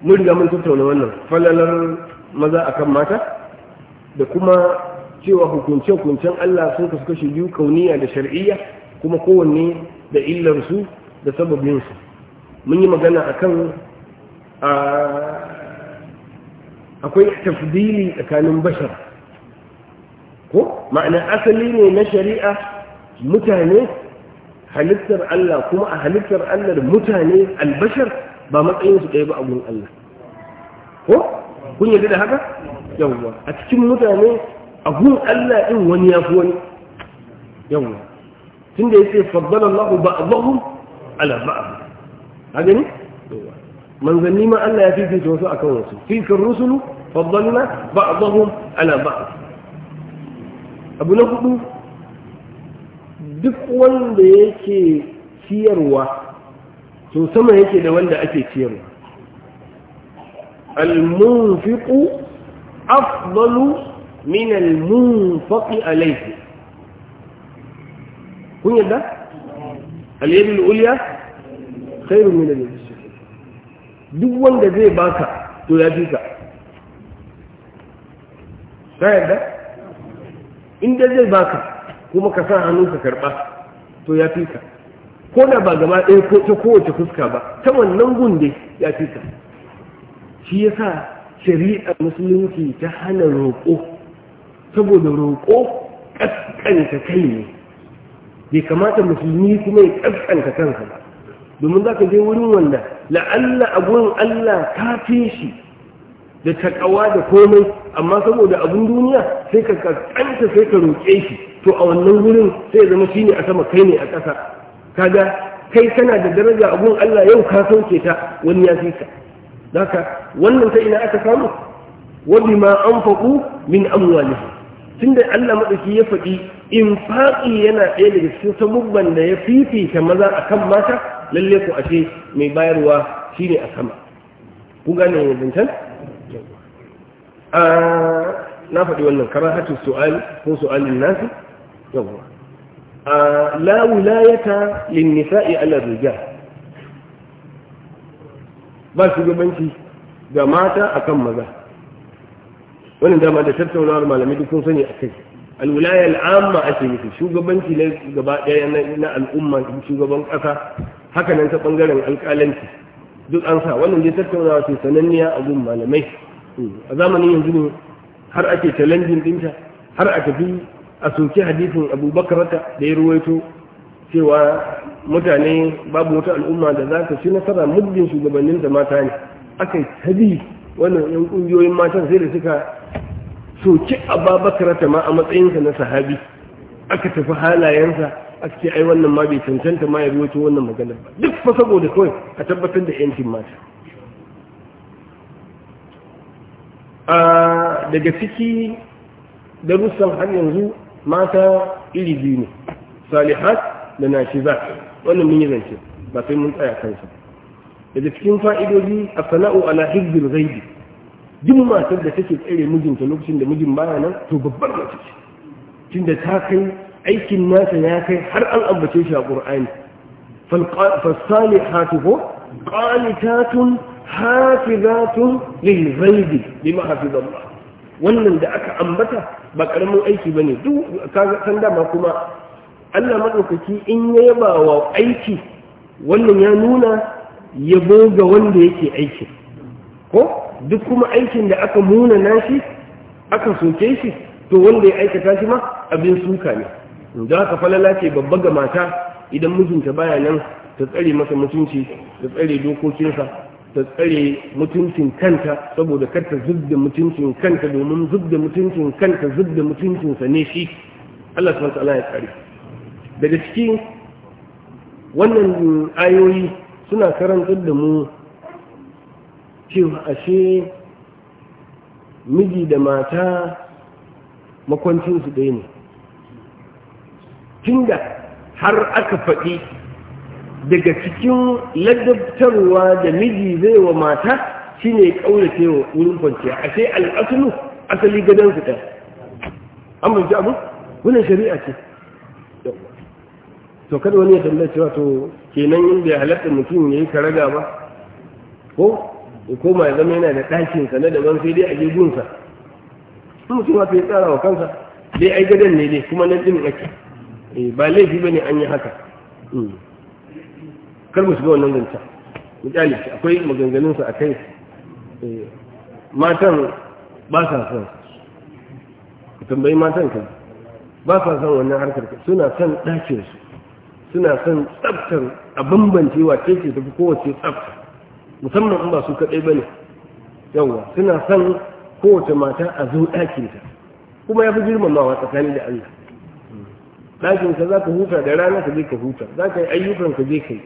mun riga mun tattauna wannan falalar maza akan mata da kuma cewa hukunce-hukuncen Allah sun kasu kashe biyu kauniya da shar'iyya kuma kowanne da illarsu da sababinsu mun yi magana akan akwai tafdili tsakanin bashar ko ma'ana asali ne na shari'a mutane halittar Allah kuma a halittar Allah mutane albashar ba matsayinsu ɗaya ba a gun Allah ko kun yadda da haka yawwa a cikin mutane a gun Allah ɗin wani ya fi wani yawwa tun da ya ce faddala Allah ba a ala ba a gani yawwa من ظنما أن لا يفيد جوثاء كون رسول تلك الرسل فضلنا بعضهم على بعض أبو نفط دقوا بيكي تيروا سو سما يكي دوان أتي تيروا المنفق أفضل من المنفق عليه كن يدى اليد الأولى خير من اليد duk wanda zai baka to ya fi ka ta yadda inda zai baka kuma ka sa hannu ka karɓa to ya fi ka ko da ba gaba ɗaya ko ta kowace fuska ba ta wannan gunde ya fi ka shi ya sa shari'ar musulunci ta hana roƙo saboda roƙo ƙasƙanta kai ne bai kamata musulmi kuma ya ƙasƙanta kanka ba domin za ka je wurin wanda la'alla a Allah ka fi shi da takawa da komai amma saboda abin duniya sai ka kanta sai ka roƙe shi to a wannan wurin sai zama shi ne a sama kai ne a ƙasa kaga kai kana da daraja a gurin Allah yau ka sauke ta wani ya fi ka zaka wannan ta ina aka samu Wani ma an faɗu min amwalihim tunda Allah madaki ya faɗi infaqi yana ɗaya daga cikin sabubban da ya fifita maza akan mata lalle ku ashe mai bayarwa shine a sama ku gane zancen a ah, na faɗi wannan karar karahatu su'al ko su'alin nasu yawwa a ah, la wilayata lin nisa'i ala rijal ba shugabanci ga mata akan maza wannan dama da tattaunawar malamai duk sun sani a akai alwilaya al'amma ake nufi shugabanci na gaba ɗaya na al'umma shugaban ƙasa haka nan ta bangaren alƙalanci duk an sa wannan dai tattaunawa ce sananniya a gun malamai a zamanin yanzu ne har ake challenging dinta har a tafi a soke hadisin abubakar da ya ruwaito cewa mutane babu wata al'umma da za ta ci nasara muddin shugabannin da mata ne aka yi tabi wannan yan kungiyoyin matan sai da suka soki abubakar ma a matsayinsa na sahabi aka tafi halayensa a ce ai wannan ma bai cancanta ma ya ruwaito wannan maganar ba duk fa saboda kawai a tabbatar da yancin mata a daga ciki darussan har yanzu mata iri biyu ne salihat da nashizat wannan mun yi zance ba sai mun tsaya kansa daga cikin fa'idodi a sana'u ala hizbil ghaibi duk matar da take tsare mijinta lokacin da mijin baya nan to babbar mace ce tunda ta kai aikin nasa ya kai har an ambace shi a ƙur'ani fasalihatu ko ƙalitatun, hafizatun lil ghaibi wannan da aka ambata ba karamin aiki ne duk kaga san dama kuma Allah madaukaki in ya yaba wa aiki wannan ya nuna yabo ga wanda yake aiki ko duk kuma aikin da aka muna nashi aka soke shi to wanda ya aikata shi ma abin suka ne da haka falala ce babba ga mata idan mijinta baya nan ta tsare masa mutunci ta tsare dokokinsa ta tsare mutuncin kanta saboda kar ta zubda mutuncin kanta domin zubda mutuncin kanta zubda mutuncinsa ne shi Allah subhanahu wa ya tsare daga cikin wannan ayoyi suna karantar da mu cewa ashe miji da mata makwancinsu ɗaya ne tunda har aka faɗi daga cikin ladabtarwa da miji zai wa mata shine ce wa wurin kwanciya ashe al'asulu asali gadon su ta an bai abu wannan shari'a ce to kada wani ya tambaya cewa to kenan in bai halatta mutum ya yi karaga ba ko ya koma ya zama yana da ɗakin sa na daban sai dai a je gunsa mutum ya tsara wa kansa dai ai gadon ne dai kuma nan ɗin ake Eh, ba laifi ba ne an yi haka hmm. kar mu shiga wannan zanta misali akwai maganganunsa a kai eh, matan ba sa son ku tambayi matan ka ba sa son wannan harkar ka suna son ɗakinsu suna son tsaftar a bambancewa ce ta tafi kowace tsafta musamman in ba su kaɗai ba ne yawwa suna son kowace mata a zo ɗakinta kuma ya fi girmamawa tsakani da Allah ɗakin ka za ka huta da rana ka je ka huta za ka yi ayyukan ka je ka yi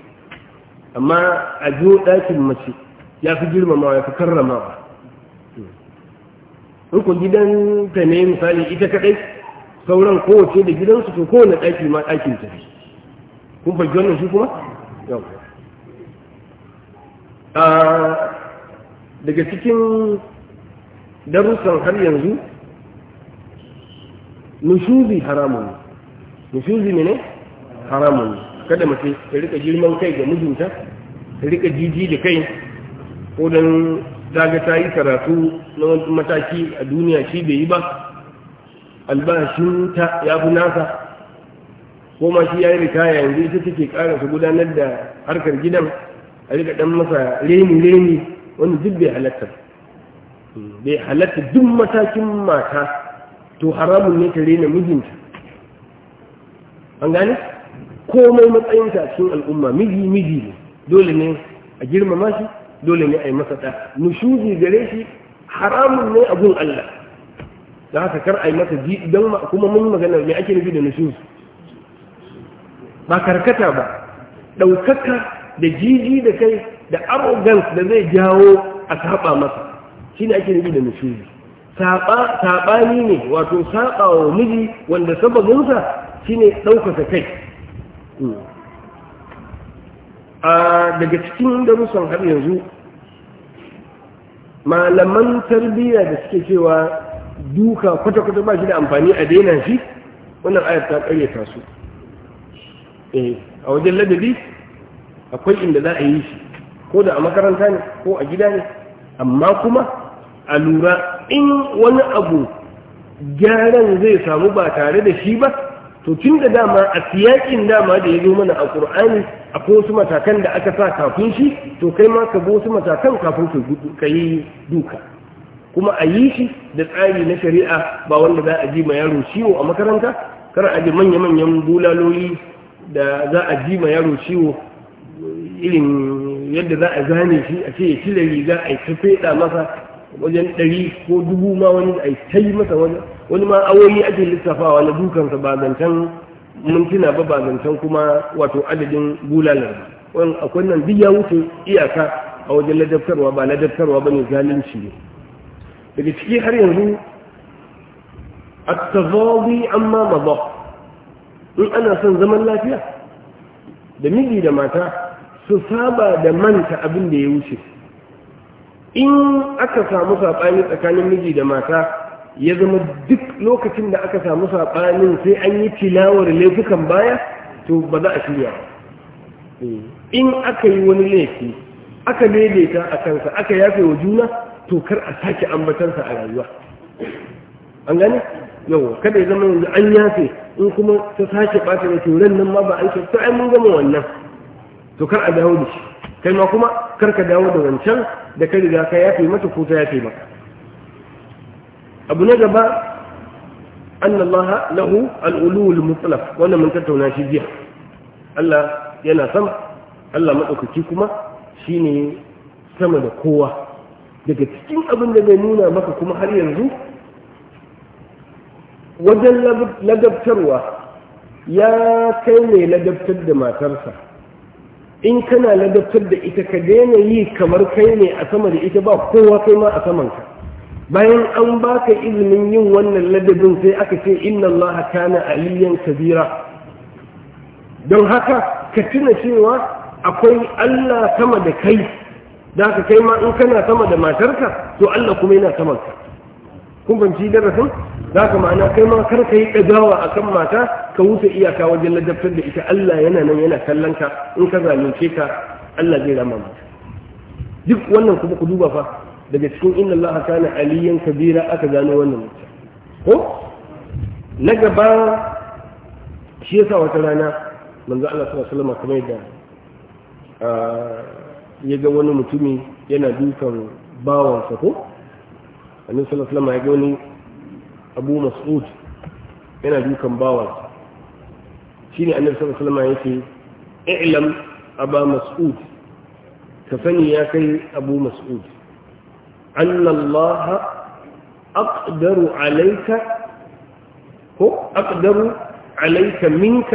amma a jo ɗakin mace ya fi girmamawa ya fi karramawa in ku gidan ta ne misali ita kaɗai sauran kowace da gidansu to kowane ɗaki ma ɗakin ta kun fahimci wannan shi kuma yau daga cikin darussan har yanzu nushuzi haramun ne nufuzi ne haramun kada mace ta rika girman kai ga mijinta ta rika jiji da kai ko don daga ta yi karatu na wani mataki a duniya shi bai yi ba albashinta ya fi nasa ko ma shi ya yi ritaya yanzu ita take kara su gudanar da harkar gidan a rika dan masa reni reni wani duk bai halatta bai halatta duk matakin mata to haramun ne ta rena mijinta an gane komai matsayin ta cikin al'umma miji miji ne dole ne a girmama shi dole ne a yi masa da nushuzi gare shi haramun ne a gun Allah da haka kar a yi masa ji don kuma mun magana me ake nufi da nushuzi ba karkata ba ɗaukaka da jiji da kai da arrogance da zai jawo a saba masa shi ne ake nufi da nushuzi saɓani ne wato saɓa wa miji wanda sababinsa shine ɗaukaka kai a daga cikin darussan har yanzu malaman tarbiyya da suke cewa duka kwata-kwata ba shi da amfani a daina shi wannan ayar ta karyata su eh, a wajen ladabi akwai inda za a yi shi ko da a makaranta ne ko a gida ne amma kuma a lura in wani abu gyaran zai samu ba tare da shi ba to tun da dama a siyakin dama da ya zo mana a ƙur'ani akwai wasu matakan da aka sa kafin shi to kai ma ka bi wasu matakan kafin ka yi duka kuma a yi shi da tsari na shari'a ba wanda za a ji ma yaro ciwo a makaranta kar a ji manya-manyan bulaloli da za a ji ma yaro ciwo irin yadda za a gane shi a ce ya da riga a yi ta masa wajen ɗari ko dubu ma wani a yi ta yi masa wajen wani ma awoyi ake lissafawa na dukansa ba zancen mintuna ba ba zancen kuma wato adadin bulalar ba wani akwai nan duk ya wuce iyaka a wajen ladabtarwa ba ladabtarwa ba ne zalunci ne daga ciki har yanzu a tazawi amma ba. in ana son zaman lafiya da miji da mata su saba da manta abin da ya wuce in aka samu saɓani tsakanin miji da mata ya zama duk lokacin da aka samu saɓanin sai an yi tilawar laifukan baya to ba za a shirya ba eh, in aka yi wani laifi aka daidaita a kansa aka yafe wa juna to kar a sake ambatansa a rayuwa an gane yau kada ya zama yanzu an yafe in kuma ta sake ɓata da turan nan ma ba an ce to ai mun gama wannan to kar a dawo da shi kai ma kuma kar ka dawo da wancan da ka riga ka yafe mata ko ta yafe maka abu na gaba an Allah lahu al'ulul mutlaq wanda mun tattauna shi jiya Allah yana sama Allah matsakaci kuma shi ne sama da kowa daga cikin abin da zai nuna maka kuma har yanzu wajen ladabtarwa ya kai mai ladabtar da matarsa in kana ladabtar da ita ka daina yi kamar kai ne a sama da ita ba kowa kai ma a samanka bayan an baka izinin yin wannan ladabin sai aka ce inna allaha kana aliyan kabira don haka ka tuna cewa akwai allah sama da kai da ka kai ma in kana sama da matarka to allah kuma yana sama ka kun fahimci darasin za ka ma'ana kai ma kar ka yi ɗagawa a kan mata ka wuce iyaka wajen ladabtar da ita allah yana nan yana kallon ka in ka zalunce ka allah zai rama mata duk wannan kuma ku duba fa daga cikin inna Allah kana aliyan kabira aka gano wannan mutum ko na gaba shi yasa wata rana manzo Allah sallallahu alaihi wasallam kamar da ya ga wani mutumi yana dukan bawansa ko annabi sallallahu alaihi wasallam ya ga wani Abu Mas'ud yana dukan bawansa shine annabi sallallahu alaihi wasallam yake i'lam aba mas'ud ka sani ya kai abu mas'ud أن الله أقدر عليك هو أقدر عليك منك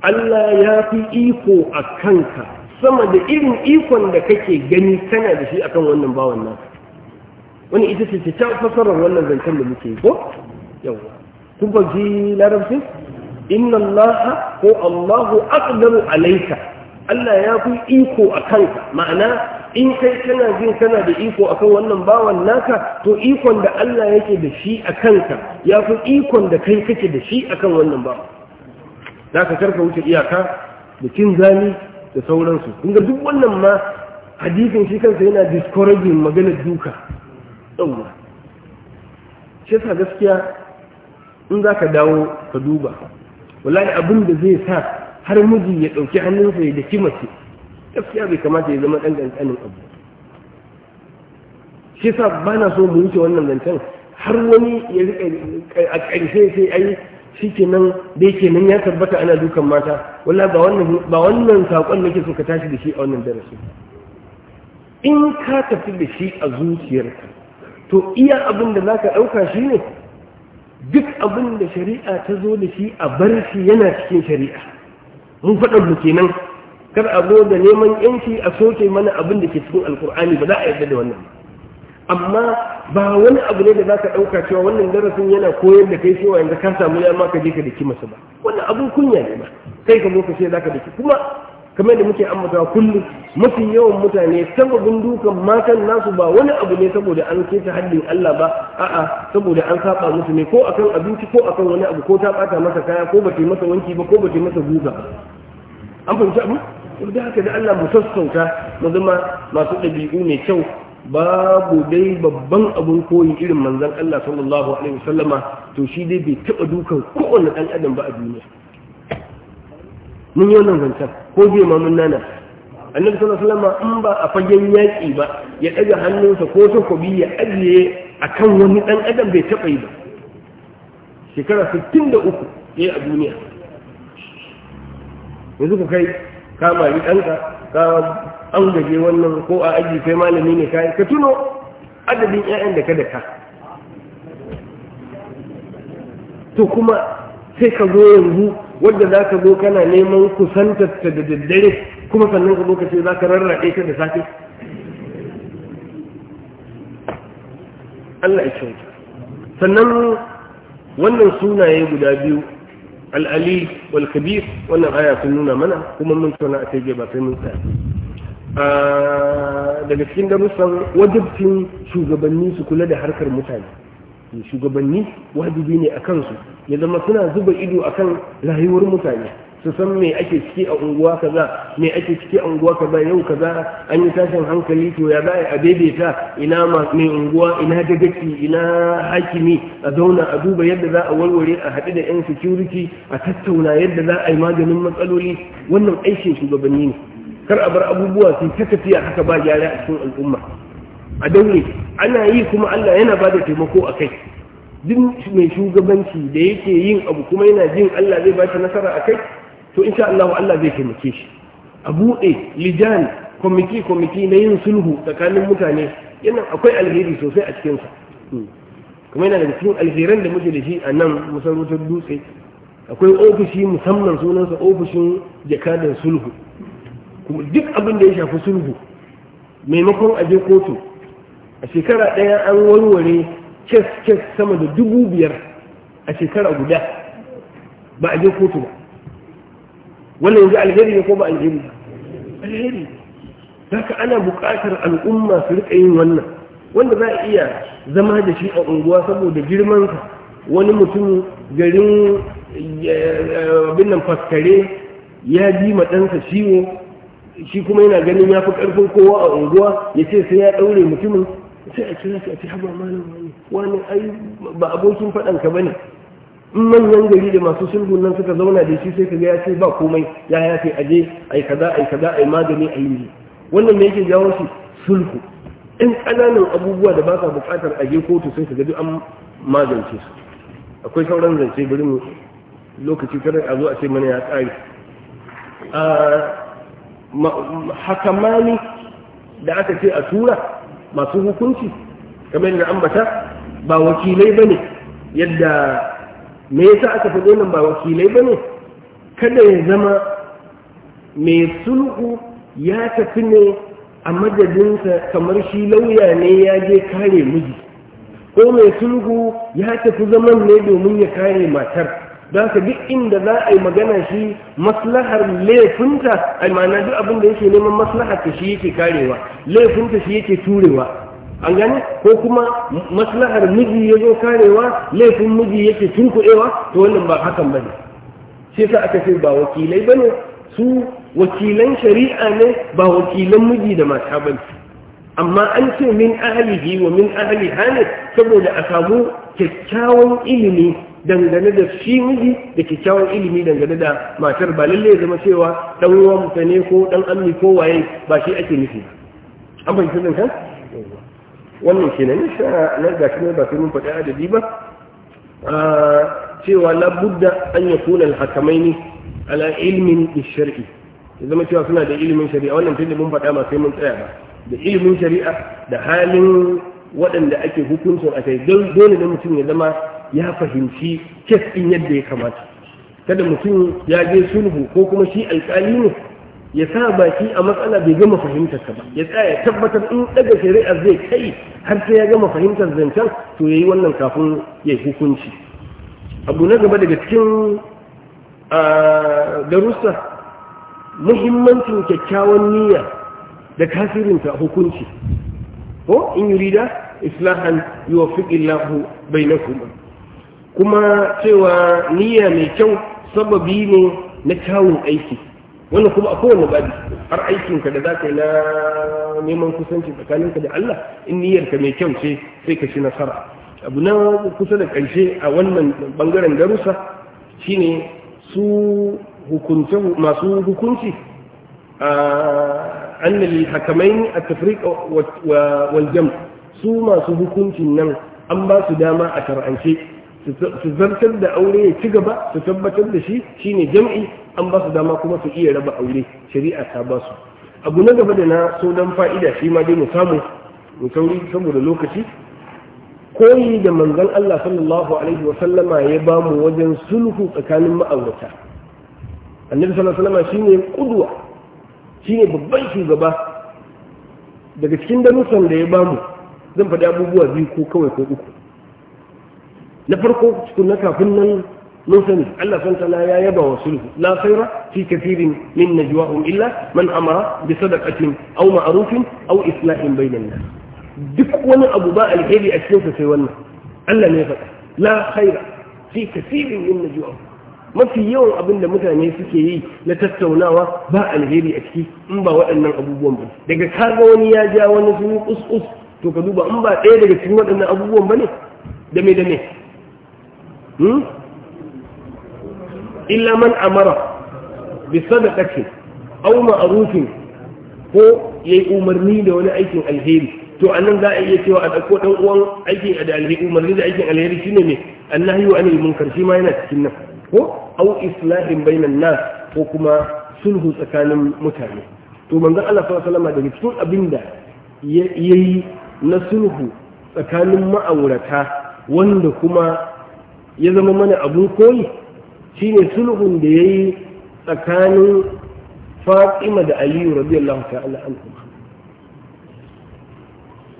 Allah ya fi iko a kanka sama da irin ikon da kake gani kana da shi akan wannan bawan nan wani ita ce ta fasarar wannan zancen da muke ko yawa kun ji larabci inna Allah ko Allahu aqdaru alaika. Allah ya fi iko a kanka ma'ana in kai kana jin kana da iko a kan wannan bawan naka to ikon da Allah yake da shi a kanka ya fi ikon da kai kake da shi a kan wannan bawan za ka karka wuce iyaka da cin zani da sauransu kun duk wannan ma hadisin shi kansa yana discouraging maganar duka ɗauwa shi yasa gaskiya in za ka dawo ka duba wallahi abin da zai sa har miji ya ɗauki hannunsa ya daki mace gaskiya bai kamata ya zama ɗan ƙanƙanin abu shi sa ba na so mu wuce wannan zancen har wani ya riƙa a ƙarshe sai ai shi kenan da yake nan ya tabbata ana dukan mata wala ba wannan saƙon nake so ka tashi da shi a wannan darasi in ka tafi da shi a zuciyarka to iya abin da zaka ɗauka shi ne duk abin da shari'a ta zo da shi a bar shi yana cikin shari'a mun faɗar mu kenan kar a zo da neman yanci a soke mana abin da ke cikin alkur'ani ba za a yarda da wannan amma ba wani abu ne da za ka ɗauka cewa wannan darasin yana koyar da kai cewa yanzu ka samu yamma ka je ka daki masa ba wannan abin kunya ne ba kai ka zo ka ce za ka daki kuma kamar da muke ambata kullum mafi yawan mutane sababin dukan matan nasu ba wani abu ne saboda an keta hannun Allah ba a'a saboda an saba musu ne ko akan abinci ko akan wani abu ko ta bata masa kaya ko ba ta masa wanki ba ko ba masa guga an fahimci abu da haka da Allah mu sassauta mu zama masu ɗabi'u mai kyau babu dai babban abun koyi irin manzon Allah sallallahu alaihi wasallama to shi dai bai taba dukan kowanne dan adam ba a duniya mun yi wannan zancen ko ma mun nana annabi sallallahu alaihi wasallam in ba a fagen yaki ba ya ɗaga hannunsa ko takobi ya ajiye akan wani ɗan adam bai taba yi ba shekara 63 yayi a duniya yanzu ku kai ka yi ɗanka ka an gaje wannan ko a aji kai malami ne kayan ka tuno adadin 'ya'yan da ka da ka to kuma sai ka zo yanzu wadda za ka zo kana neman kusantar ta da daddare kuma sannan ka zo ka za ka rarraɗe ta da safe Allah ya kyauta sannan wannan sunaye guda biyu al'ali wal kabir wannan aya sun nuna mana kuma mun tsona a sai ba sai mun tsaya daga cikin darussan wajibcin shugabanni su kula da harkar mutane shugabanni wajibi ne a kansu ya zama suna zuba ido a kan rayuwar mutane su san me ake ciki a unguwa kaza me ake ciki a unguwa kaza yau kaza an yi tashin hankali to ya za a daidaita ina mai unguwa ina dagaci ina hakimi a zauna a duba yadda za a warware a haɗu da yan security a tattauna yadda za a yi maganin matsaloli wannan aikin shugabanni ne kar a bar abubuwa su ta tafiya haka ba gyara a cikin al'umma a daure ana yi kuma Allah yana ba da taimako a kai duk mai shugabanci da yake yin abu kuma yana jin Allah zai ba shi nasara a kai to insha Allah Allah zai taimake shi a buɗe lijan kwamiti kwamiti na yin sulhu tsakanin mutane yana akwai alheri sosai a cikinsa hmm. kuma yana da cikin alheran da muke da shi a nan masarautar dutse akwai ofishi musamman sunansa ofishin jakadan sulhu kuma duk abin da ya shafi sulhu maimakon aje kotu a shekara ɗaya an warware kes kes sama da dubu biyar a shekara guda ba a je kotu ba wannan yanzu alheri ne ko ba alheri ba alheri haka ana buƙatar al'umma su rika yin wannan wanda za a iya zama da shi a unguwa saboda girmansa wani mutum garin binnan faskare ya ji ma ciwo shi kuma yana ganin ya fi ƙarfin kowa a unguwa ya ce sai ya ɗaure mutumin sai a kira shi a ce haɓa malam wani wani ai ba abokin faɗanka ka ne? in manyan gari da masu sulhu nan suka zauna da shi sai ka ga ya ce ba komai ya ya ce aje ai kaza ai kaza ai magani ai yi wannan me yake jawo shi sulhu in ƙananan abubuwa da ba ka buƙatar aje kotu sai ka ga an magance su akwai sauran zance bari mu lokaci kada a zo a ce mana ya tsari ah, hakamani da aka ce a tura masu hukunci kamar da ambata ba wakilai bane yadda me yasa aka fi nan ba wakilai bane kada ya zama mai sulhu ya tafi ne a madadinsa kamar shi lauya ne ya je kare miji ko mai sulhu ya tafi zaman ne domin ya kare matar don ka duk inda za a yi magana shi maslahar laifinta a ma'ana duk abin da yake neman maslahar ta shi yake karewa laifinta shi yake turewa an gani ko kuma maslahar miji ya zo karewa laifin miji yake tunkuɗewa to wannan ba hakan ba ne shi sa aka ce ba wakilai ba ne su wakilan shari'a ne ba wakilan miji da mata ba ne amma an ce min ahalihi wa min ahali hane saboda a samu kyakkyawan ilimi dangane da shi miji da kyakkyawan ilimi dangane da matar ba lallai zama cewa dan uwan mutane ko dan ammi ko waye ba shi ake nufi an bai tunan kan wannan kenan sha na ga shi ba sai mun faɗi adadi ba ah, cewa la budda an yakuna al hakamaini ala ilmin shar'i zama cewa suna da ilimin shari'a wannan tunda mun faɗa ma sai mun tsaya ba da ilimin shari'a da halin waɗanda ake hukuncin a kai dole ne mutum ya zama ya fahimci kes ɗin yadda ya kamata kada mutum ya je sulhu ko kuma shi alƙali ne ya sa baki a matsala bai gama fahimtar ba ya tsaya tabbatar in daga shari'a zai kai har sai ya gama fahimtar zancen to ya yi wannan kafin ya hukunci abu na gaba daga cikin darussa muhimmancin kyakkyawan niyya da tasirinta hukunci ko in yurida islahan bai na kuma kuma cewa niyya mai kyau sababi ne na kyawun aiki wannan kuma a kowane babi har aikinka da za ka yi na neman kusanci tsakaninka da Allah in niyyarka mai kyau ce sai ka shi nasara abu na kusa da ƙarshe a wannan bangaren darussa shine su hukunci masu hukunci a annali hakamaini a tafriqa wal su masu hukuncin nan an ba su dama a tar'ance su zartar da aure ya ci gaba su tabbatar da shi shine jam'i an ba su dama kuma su iya raba aure shari'a ta ba su abu na gaba da na so dan fa'ida shi ma dai mu samu mu tauri saboda lokaci koyi da manzon Allah sallallahu alaihi wa ya ba mu wajen sulhu tsakanin ma'aurata annabi sallallahu alaihi wa shine kudwa shine babban shugaba daga cikin darussan da ya ba zan faɗi abubuwa biyu ko kawai ko uku na farko cikin na kafin nan mun sani Allah san tala ya yaba wa sulhu la khaira fi kathirin min najwahum illa man amara bi sadaqatin aw ma'rufin aw islahin bainan nas duk wani abu ba alheri a cikin sa sai wannan Allah ne faɗa la khaira fi kathirin min najwahum mafi yawan abin da mutane suke yi na tattaunawa ba alheri a ciki in ba waɗannan abubuwan ba daga kaga wani ya ja wani sun us us to ka duba in ba ɗaya daga cikin waɗannan abubuwan ba ne da me da me Hmm? illa man أمر bi sadaqati aw ko yayi umarni da wani aikin alheri to nan za a iya cewa a dauko ɗan uwan aikin da alheri umarni da aikin alheri shine ne annahi wa anil munkar shi ma yana cikin nan ko au islahin bainan nas ko kuma sulhu tsakanin mutane to manzon Allah sallallahu alaihi wasallam daga cikin abinda yayi na sulhu tsakanin ma'aurata wanda kuma ya zama mana abun koyi shine sulhun da ya yi tsakanin Fatima da Aliyu radiyallahu ta'ala anhu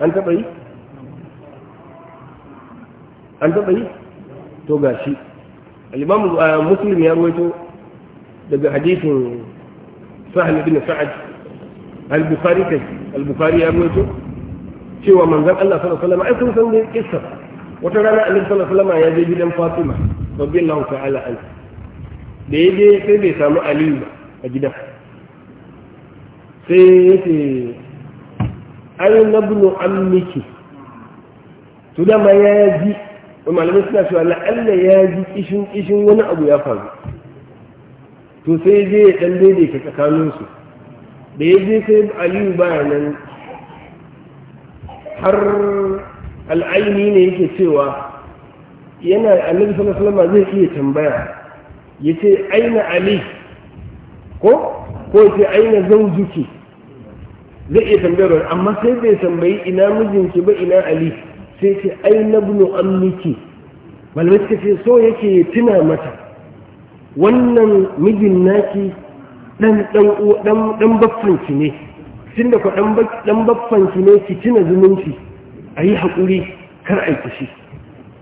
an taɓa yi an taɓa yi to gashi al a uh, musulmi ya rawaito daga hadisin Sahal bin Sa'ad al-Bukhari kai al-Bukhari ya rawaito cewa manzan Allah sallallahu alaihi wasallam ai kun san ne kissa wata rana annabi sallallahu alaihi wasallam ya je gidan fatima radiyallahu ta'ala anha da ya je sai bai samu aliyu ba a gidan sai ya ce ayi nabnu ammiki to da ma ya ji malamai suna cewa la'alla ya ji kishin kishin wani abu ya faru to sai je ya dan daidaita tsakaninsu da ya je sai aliyu ba nan har al'aini ne yake cewa yana annabi sallallahu alaihi wasallam zai iya tambaya yace aina ali ko ko yace aina zawjuki zai iya tambayar amma sai bai tambayi ina mijinki ba ina ali sai ce aina ibn ammiki malamai ce, ce so yake tuna mata wannan mijin naki dan dan dan dan baffanki ne tunda ko dan dan baffanki ne ki tuna zumunci a yi haƙuri kar a yi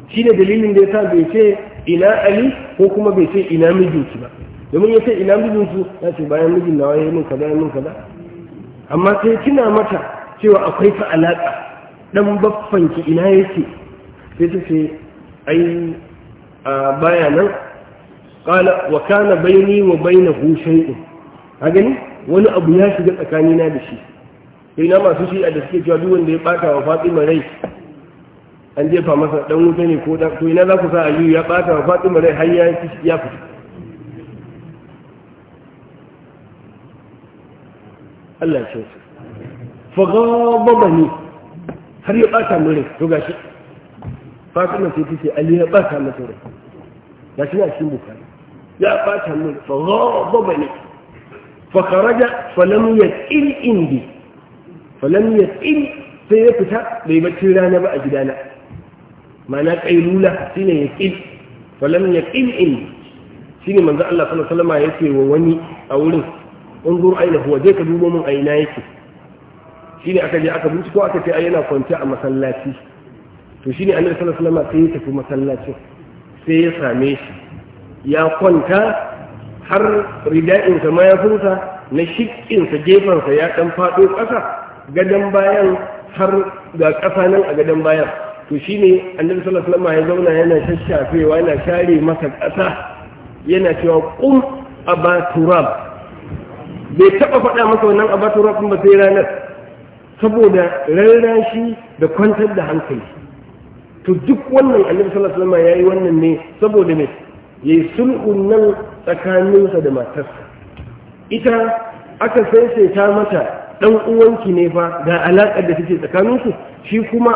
shi ne dalilin da ya sa bai ce ina ali ko kuma bai ce ina mijinki ba domin ya ce ina mijinsu ya ce bayan mijin na waye min kaza min kaza amma sai kina mata cewa akwai fa alaƙa dan baffanki ina yake sai ta ce ai a baya nan qala wa kana baini wa bainahu shay'un a gani wani abu ya shiga tsakanina da shi sai na masu shi a da suke cewa duk wanda ya bata wa fatima rai an jefa masa dan wuta ne ko dan to ina za ku sa aliyu ya bata wa fatima rai har ya ya fita Allah ce su fa gaba bani har ya bata mu rai to gashi fatima sai tace aliyu ya bata masa rai gashi na cikin bukari ya bata mu fa gaba bani. fa kharaja fa lam yatil indi falam ya tsin sai ya fita bai bacci rana ba a gidana mana ƙailula shi ne ya tsin falam ya tsin in shi ne manzan Allah sallallahu alaihi wasallam ya ce wa wani a wurin unzur aina huwa zai ka dubo min aina yake shi ne aka je aka ko aka ce ai yana kwance a masallaci to shi ne annabi sallallahu alaihi wasallam sai ya tafi masallacin sai ya same shi ya kwanta har rida'insa ma ya furta na shikinsa gefensa ya ɗan faɗo ƙasa gadon bayan har ga ƙasa nan a gadon bayan to shi ne annabi sallallahu alaihi wasallam ya zauna yana shashafewa yana share masa ƙasa yana cewa qum aba bai taba faɗa masa wannan aba turab ba sai ranar saboda rarrashi da kwantar da hankali to duk wannan annabi sallallahu alaihi wasallam yayi wannan ne saboda me yayi sulhun nan tsakaninsa da matarsa ita aka sai ta mata dan uwanki ne fa ga alaƙar da take tsakaninku shi kuma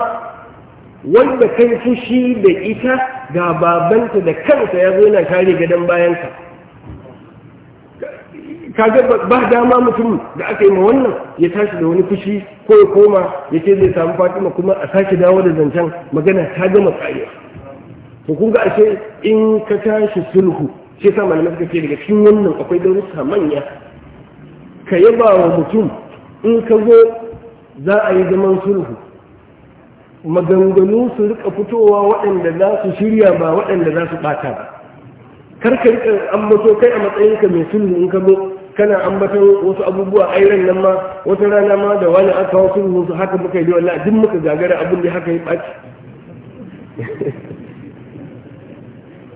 wanda kai fushi da ita ga babanta da kansa ya zo yana kare gadon bayanka kaga ba dama mutum da aka yi ma wannan ya tashi da wani fushi ko ya koma ya ce zai samu fatima kuma a sake dawo da zancen magana ta gama karewa to kun ga ashe in ka tashi sulhu shi sa malamai suka ce daga cikin wannan akwai darussa manya ka yaba wa mutum in ka zo za a yi zaman sulhu maganganu su rika fitowa waɗanda za su shirya ba waɗanda za su ɓata ba kar ka rika ambato kai a matsayinka mai sulhu in ka zo kana ambaton wasu abubuwa airan nan ma wata rana ma da wani aka kawo sulhu su haka muka yi wallahi duk muka gagara abin da haka ya ɓaci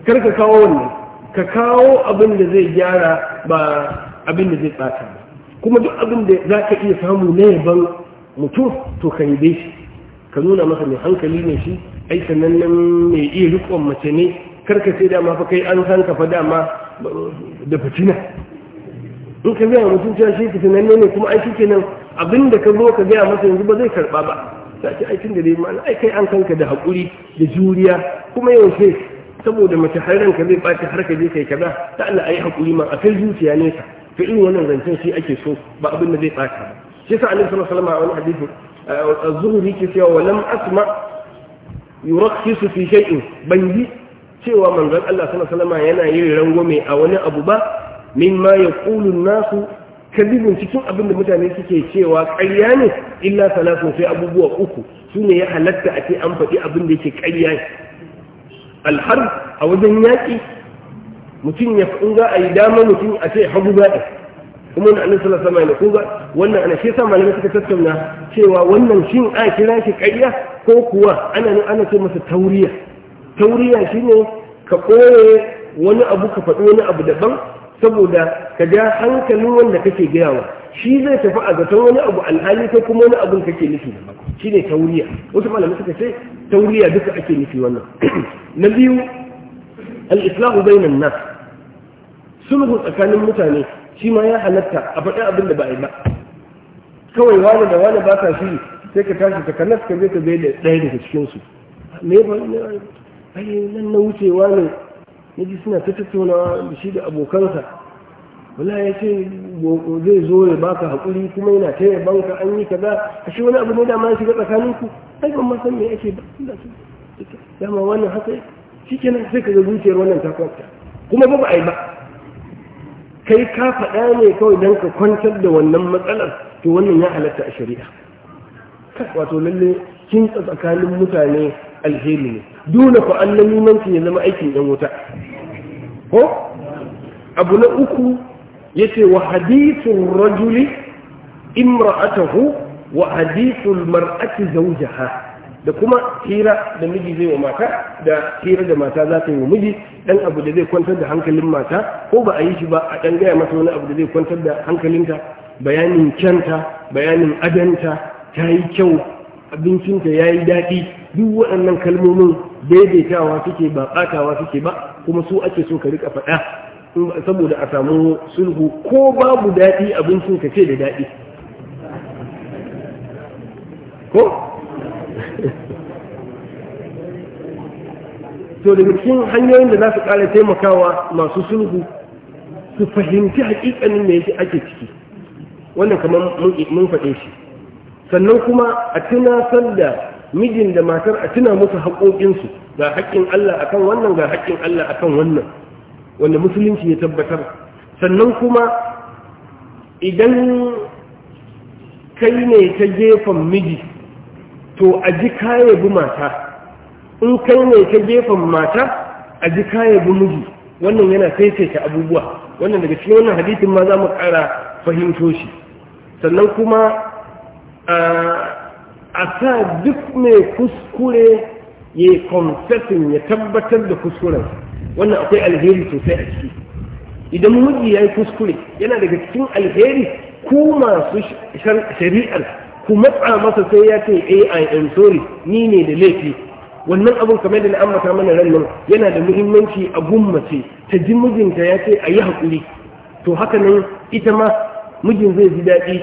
kar ka kawo wannan ka kawo abin da zai gyara ba abin da zai ɓata ba kuma duk abin da za ka iya samu na yaban mutum to ka yabe shi ka nuna masa mai hankali ne shi ai sannan nan mai iya rikon mace ne karka sai dama fa kai an san ka fa dama da fitina in ka gaya mutum cewa shi fitinan ne ne kuma aiki nan abin da ka zo ka gaya masa yanzu ba zai karba ba ta ce aikin da dai ma'ana ai kai an kanka da haƙuri da juriya kuma yaushe saboda mace har ka zai ɓaci har ka je kai kaza ta Allah ai haƙuri ma a kai zuciya ne ka to irin wannan zancen shi ake so ba abin da zai tsaka ba shi yasa annabi sallallahu wasallam a wani hadisi eh, az-zuhri ke cewa walam asma yurakhisu fi shay'in ban yi cewa manzon Allah sallallahu alaihi wasallam yana yin rangwame a wani abu ba mimma yaqulu an-nasu kadibin cikin abin da mutane suke cewa ƙarya ne illa talatin sai abubuwa uku su ne ya halatta a ce an faɗi abin da yake ƙarya ne alhar a wajen yaƙi mutum ya in za a yi dama mutum a ce hagu gaɗa kuma na annabi sallallahu alaihi wasallam ga wannan ana shi yasa malamai suka tattauna cewa wannan shin a kira shi ƙarya ko kuwa ana nan ana ce masa tauriya tauriya shine ka koye wani abu ka faɗi wani abu daban saboda ka ja hankalin wanda kake gayawa shi zai tafi a zaton wani abu alhali ko kuma wani abun kake nufi shine tauriya wasu malamai suka ce tauriya duka ake nufi wannan [clears throat] na biyu al-islahu bainan nas sulhu tsakanin mutane shi ma ya halatta a faɗi abin da ba a yi ba kawai wani da wani ba ka shiri sai ka tashi ta kanas ka zai ka bai da ɗaya daga su me ba ne ai nan na wuce wucewa ne ji suna ta tattaunawa shi da abokansa wala ya ce zai zo ya baka haƙuri kuma yana ta yi banka an yi kaza a shi wani abu ne dama ya shiga tsakaninku ai ban ma san me yake ba dama wannan haka shi kenan sai ka ga zuciyar wannan ta kuma ba ba a ba kai ka faɗa ne kawai don ka kwantar da wannan matsalar to wannan ya halatta a shari'a wato lalle kin tsakanin mutane alheri ne dole ku an limanci ya zama aikin yan wuta ko abu na uku yace wa hadithun rajuli imra'atahu wa hadithul mar'ati zawjaha da kuma hira da miji zai wa mata da hira da mata za ta yi wa miji dan abu da zai kwantar da hankalin mata ko ba a yi shi ba a dan gaya masa wani abu da zai kwantar da hankalinta bayanin kyanta bayanin adanta ta yi kyau abincinta ya yi daɗi duk waɗannan kalmomin daidaitawa suke ba ɓatawa suke ba kuma su ake so ka riƙa faɗa saboda a samu sulhu ko babu daɗi abincin ka ce da daɗi ko to daga cikin hanyoyin da za su kare taimakawa masu sulhu su fahimci hakikanin da yake ake ciki wannan kamar mun faɗe shi sannan kuma a tunasar da mijin da matar a tuna musu haƙoƙinsu ga haƙƙin Allah a kan wannan ga haƙƙin Allah a kan wannan wanda musulunci ya tabbatar sannan kuma idan kai ne ta gefen miji to a ji kaya bi mata in kai ne ka gefen mata a ji kaya bi miji wannan yana saisaita abubuwa wannan daga cikin wannan hadisin ma za mu ƙara fahimto shi sannan kuma a sa duk mai kuskure ya yi ya tabbatar da kuskuren wannan akwai alheri sosai a ciki idan miji ya yi kuskure yana daga cikin alheri ku masu shari'ar ku matsa masa sai ya ce eh i am sorry ni ne da laifi wannan abun kamar da na ambata mana ran yana da muhimmanci a gummace ta ji mijinta ya ce a yi haƙuri to haka nan ita ma mijin zai ji daɗi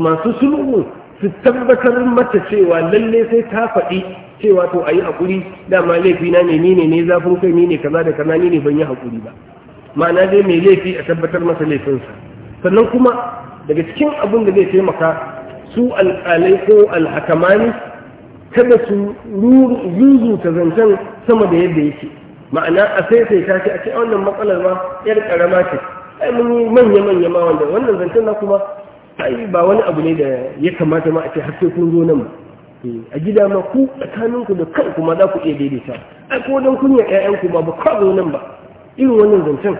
masu sulhu su tabbatar mata cewa lalle sai ta faɗi cewa to a yi haƙuri dama laifi na ne ni ne ne zafin kai ni ne kaza da kaza ni ne ban yi haƙuri ba ma'ana dai mai laifi a tabbatar masa laifinsa sannan kuma daga cikin abin da zai taimaka su alƙalai ko alhakamani kada su zuzuta zancen sama da yadda yake ma'ana a sai ta ce a ce wannan matsalar ma yar karama ce ai mun yi manya manya ma wanda wannan zancen na kuma ai ba wani abu ne da ya kamata ma a ce har sai kun zo nan eh, a gida ma ku tsakaninku da kanku ma za ku iya daidaita ai ko don kunya ku ba ba ka zo nan ba irin wannan zancen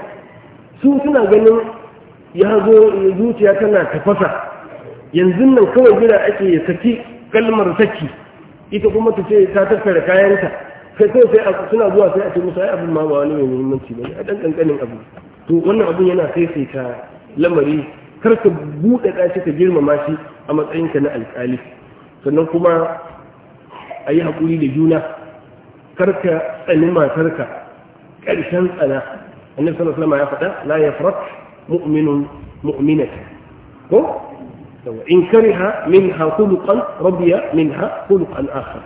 su suna ganin ya zo zuciya tana tafasa yanzu nan kawai gida ake ya saki kalmar saki ita kuma ta ce ta tattara kayanta kai kai sai suna zuwa sai a ce musu ai abin ma ba wani mai muhimmanci ba a dan kankanin abu to wannan abun yana saisaita lamari kar ka buɗe ɗaci ka girmama shi a matsayinka na alƙali sannan kuma a yi haƙuri da juna kar ka tsani matarka ƙarshen tsana annabi sallallahu alaihi wasallam ya faɗa la yafrat mu'minun mu'minat ko in kariha minha khuluqan rabiya minha khuluqan akhar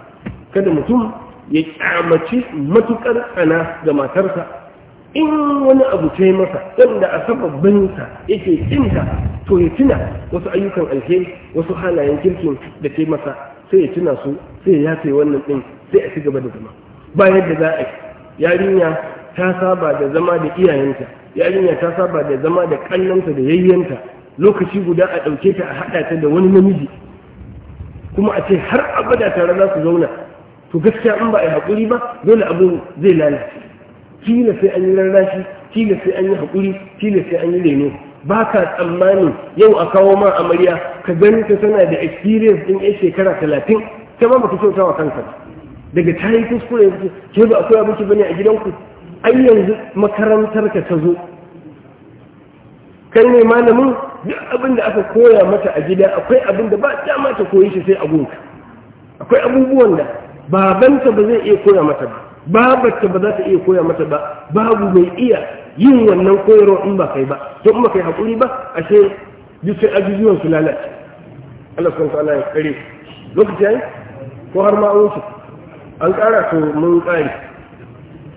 kada mutum ya ƙyamaci matukar tsana da matarsa in wani abu ta masa wanda a sababbinsa yake kinta to ya tuna wasu ayyukan alheri wasu halayen kirkin da ta yi masa sai ya tuna su sai ya yafe wannan ɗin, sai a ci gaba da zama ba yadda za a yarinya ta saba da zama da iyayenta yarinya ta saba da zama da kallonta da yayyanta lokaci guda a ɗauke ta a haɗa ta da wani namiji kuma a ce har abada tare za su zauna to gaskiya in ba a yi haƙuri ba dole abin zai lalace kila sai an yi rarrashi kila sai an yi haƙuri kila sai an yi reno ba ka tsammanin yau a kawo ma amarya ka gani ta tana da experience ɗin yan shekara talatin ta ma baka kyauta wa kanka daga ta yi kuskure yanzu ke ba akwai abinci ne a gidanku ai yanzu makarantar ka ta zo kai ne malamin duk abin da aka koya mata a gida akwai abin da ba dama ta koyi shi sai a gunka akwai abubuwan da babanta ba zai iya koya mata ba babarta ba za ta iya koya mata ba babu mai iya yin wannan koyarwa in ba kai ba to in ba kai hakuri ba ashe duk sai ajujuwan su lalace Allah sun ta'ala ya kare lokaci yayi ko har ma an wuce an kara to mun kare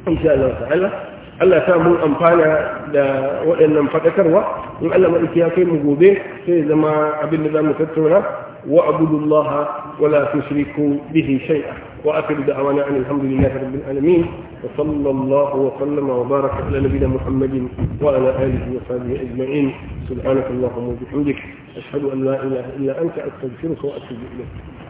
insha Allah Allah ta mun amfana da waɗannan faɗakarwa in Allah maɗauki ya kai mu gobe sai zama abin da za mu tattauna wa abudullaha wa la tushriku bihi shay'a wa akhiru da'wana an alhamdulillahi rabbil alamin wa sallallahu wa sallama wa baraka ala nabiyyina muhammadin wa ala alihi wa sahbihi ajma'in subhanakallahumma wa bihamdik ashhadu an la ilaha illa anta astaghfiruka wa atubu ilayk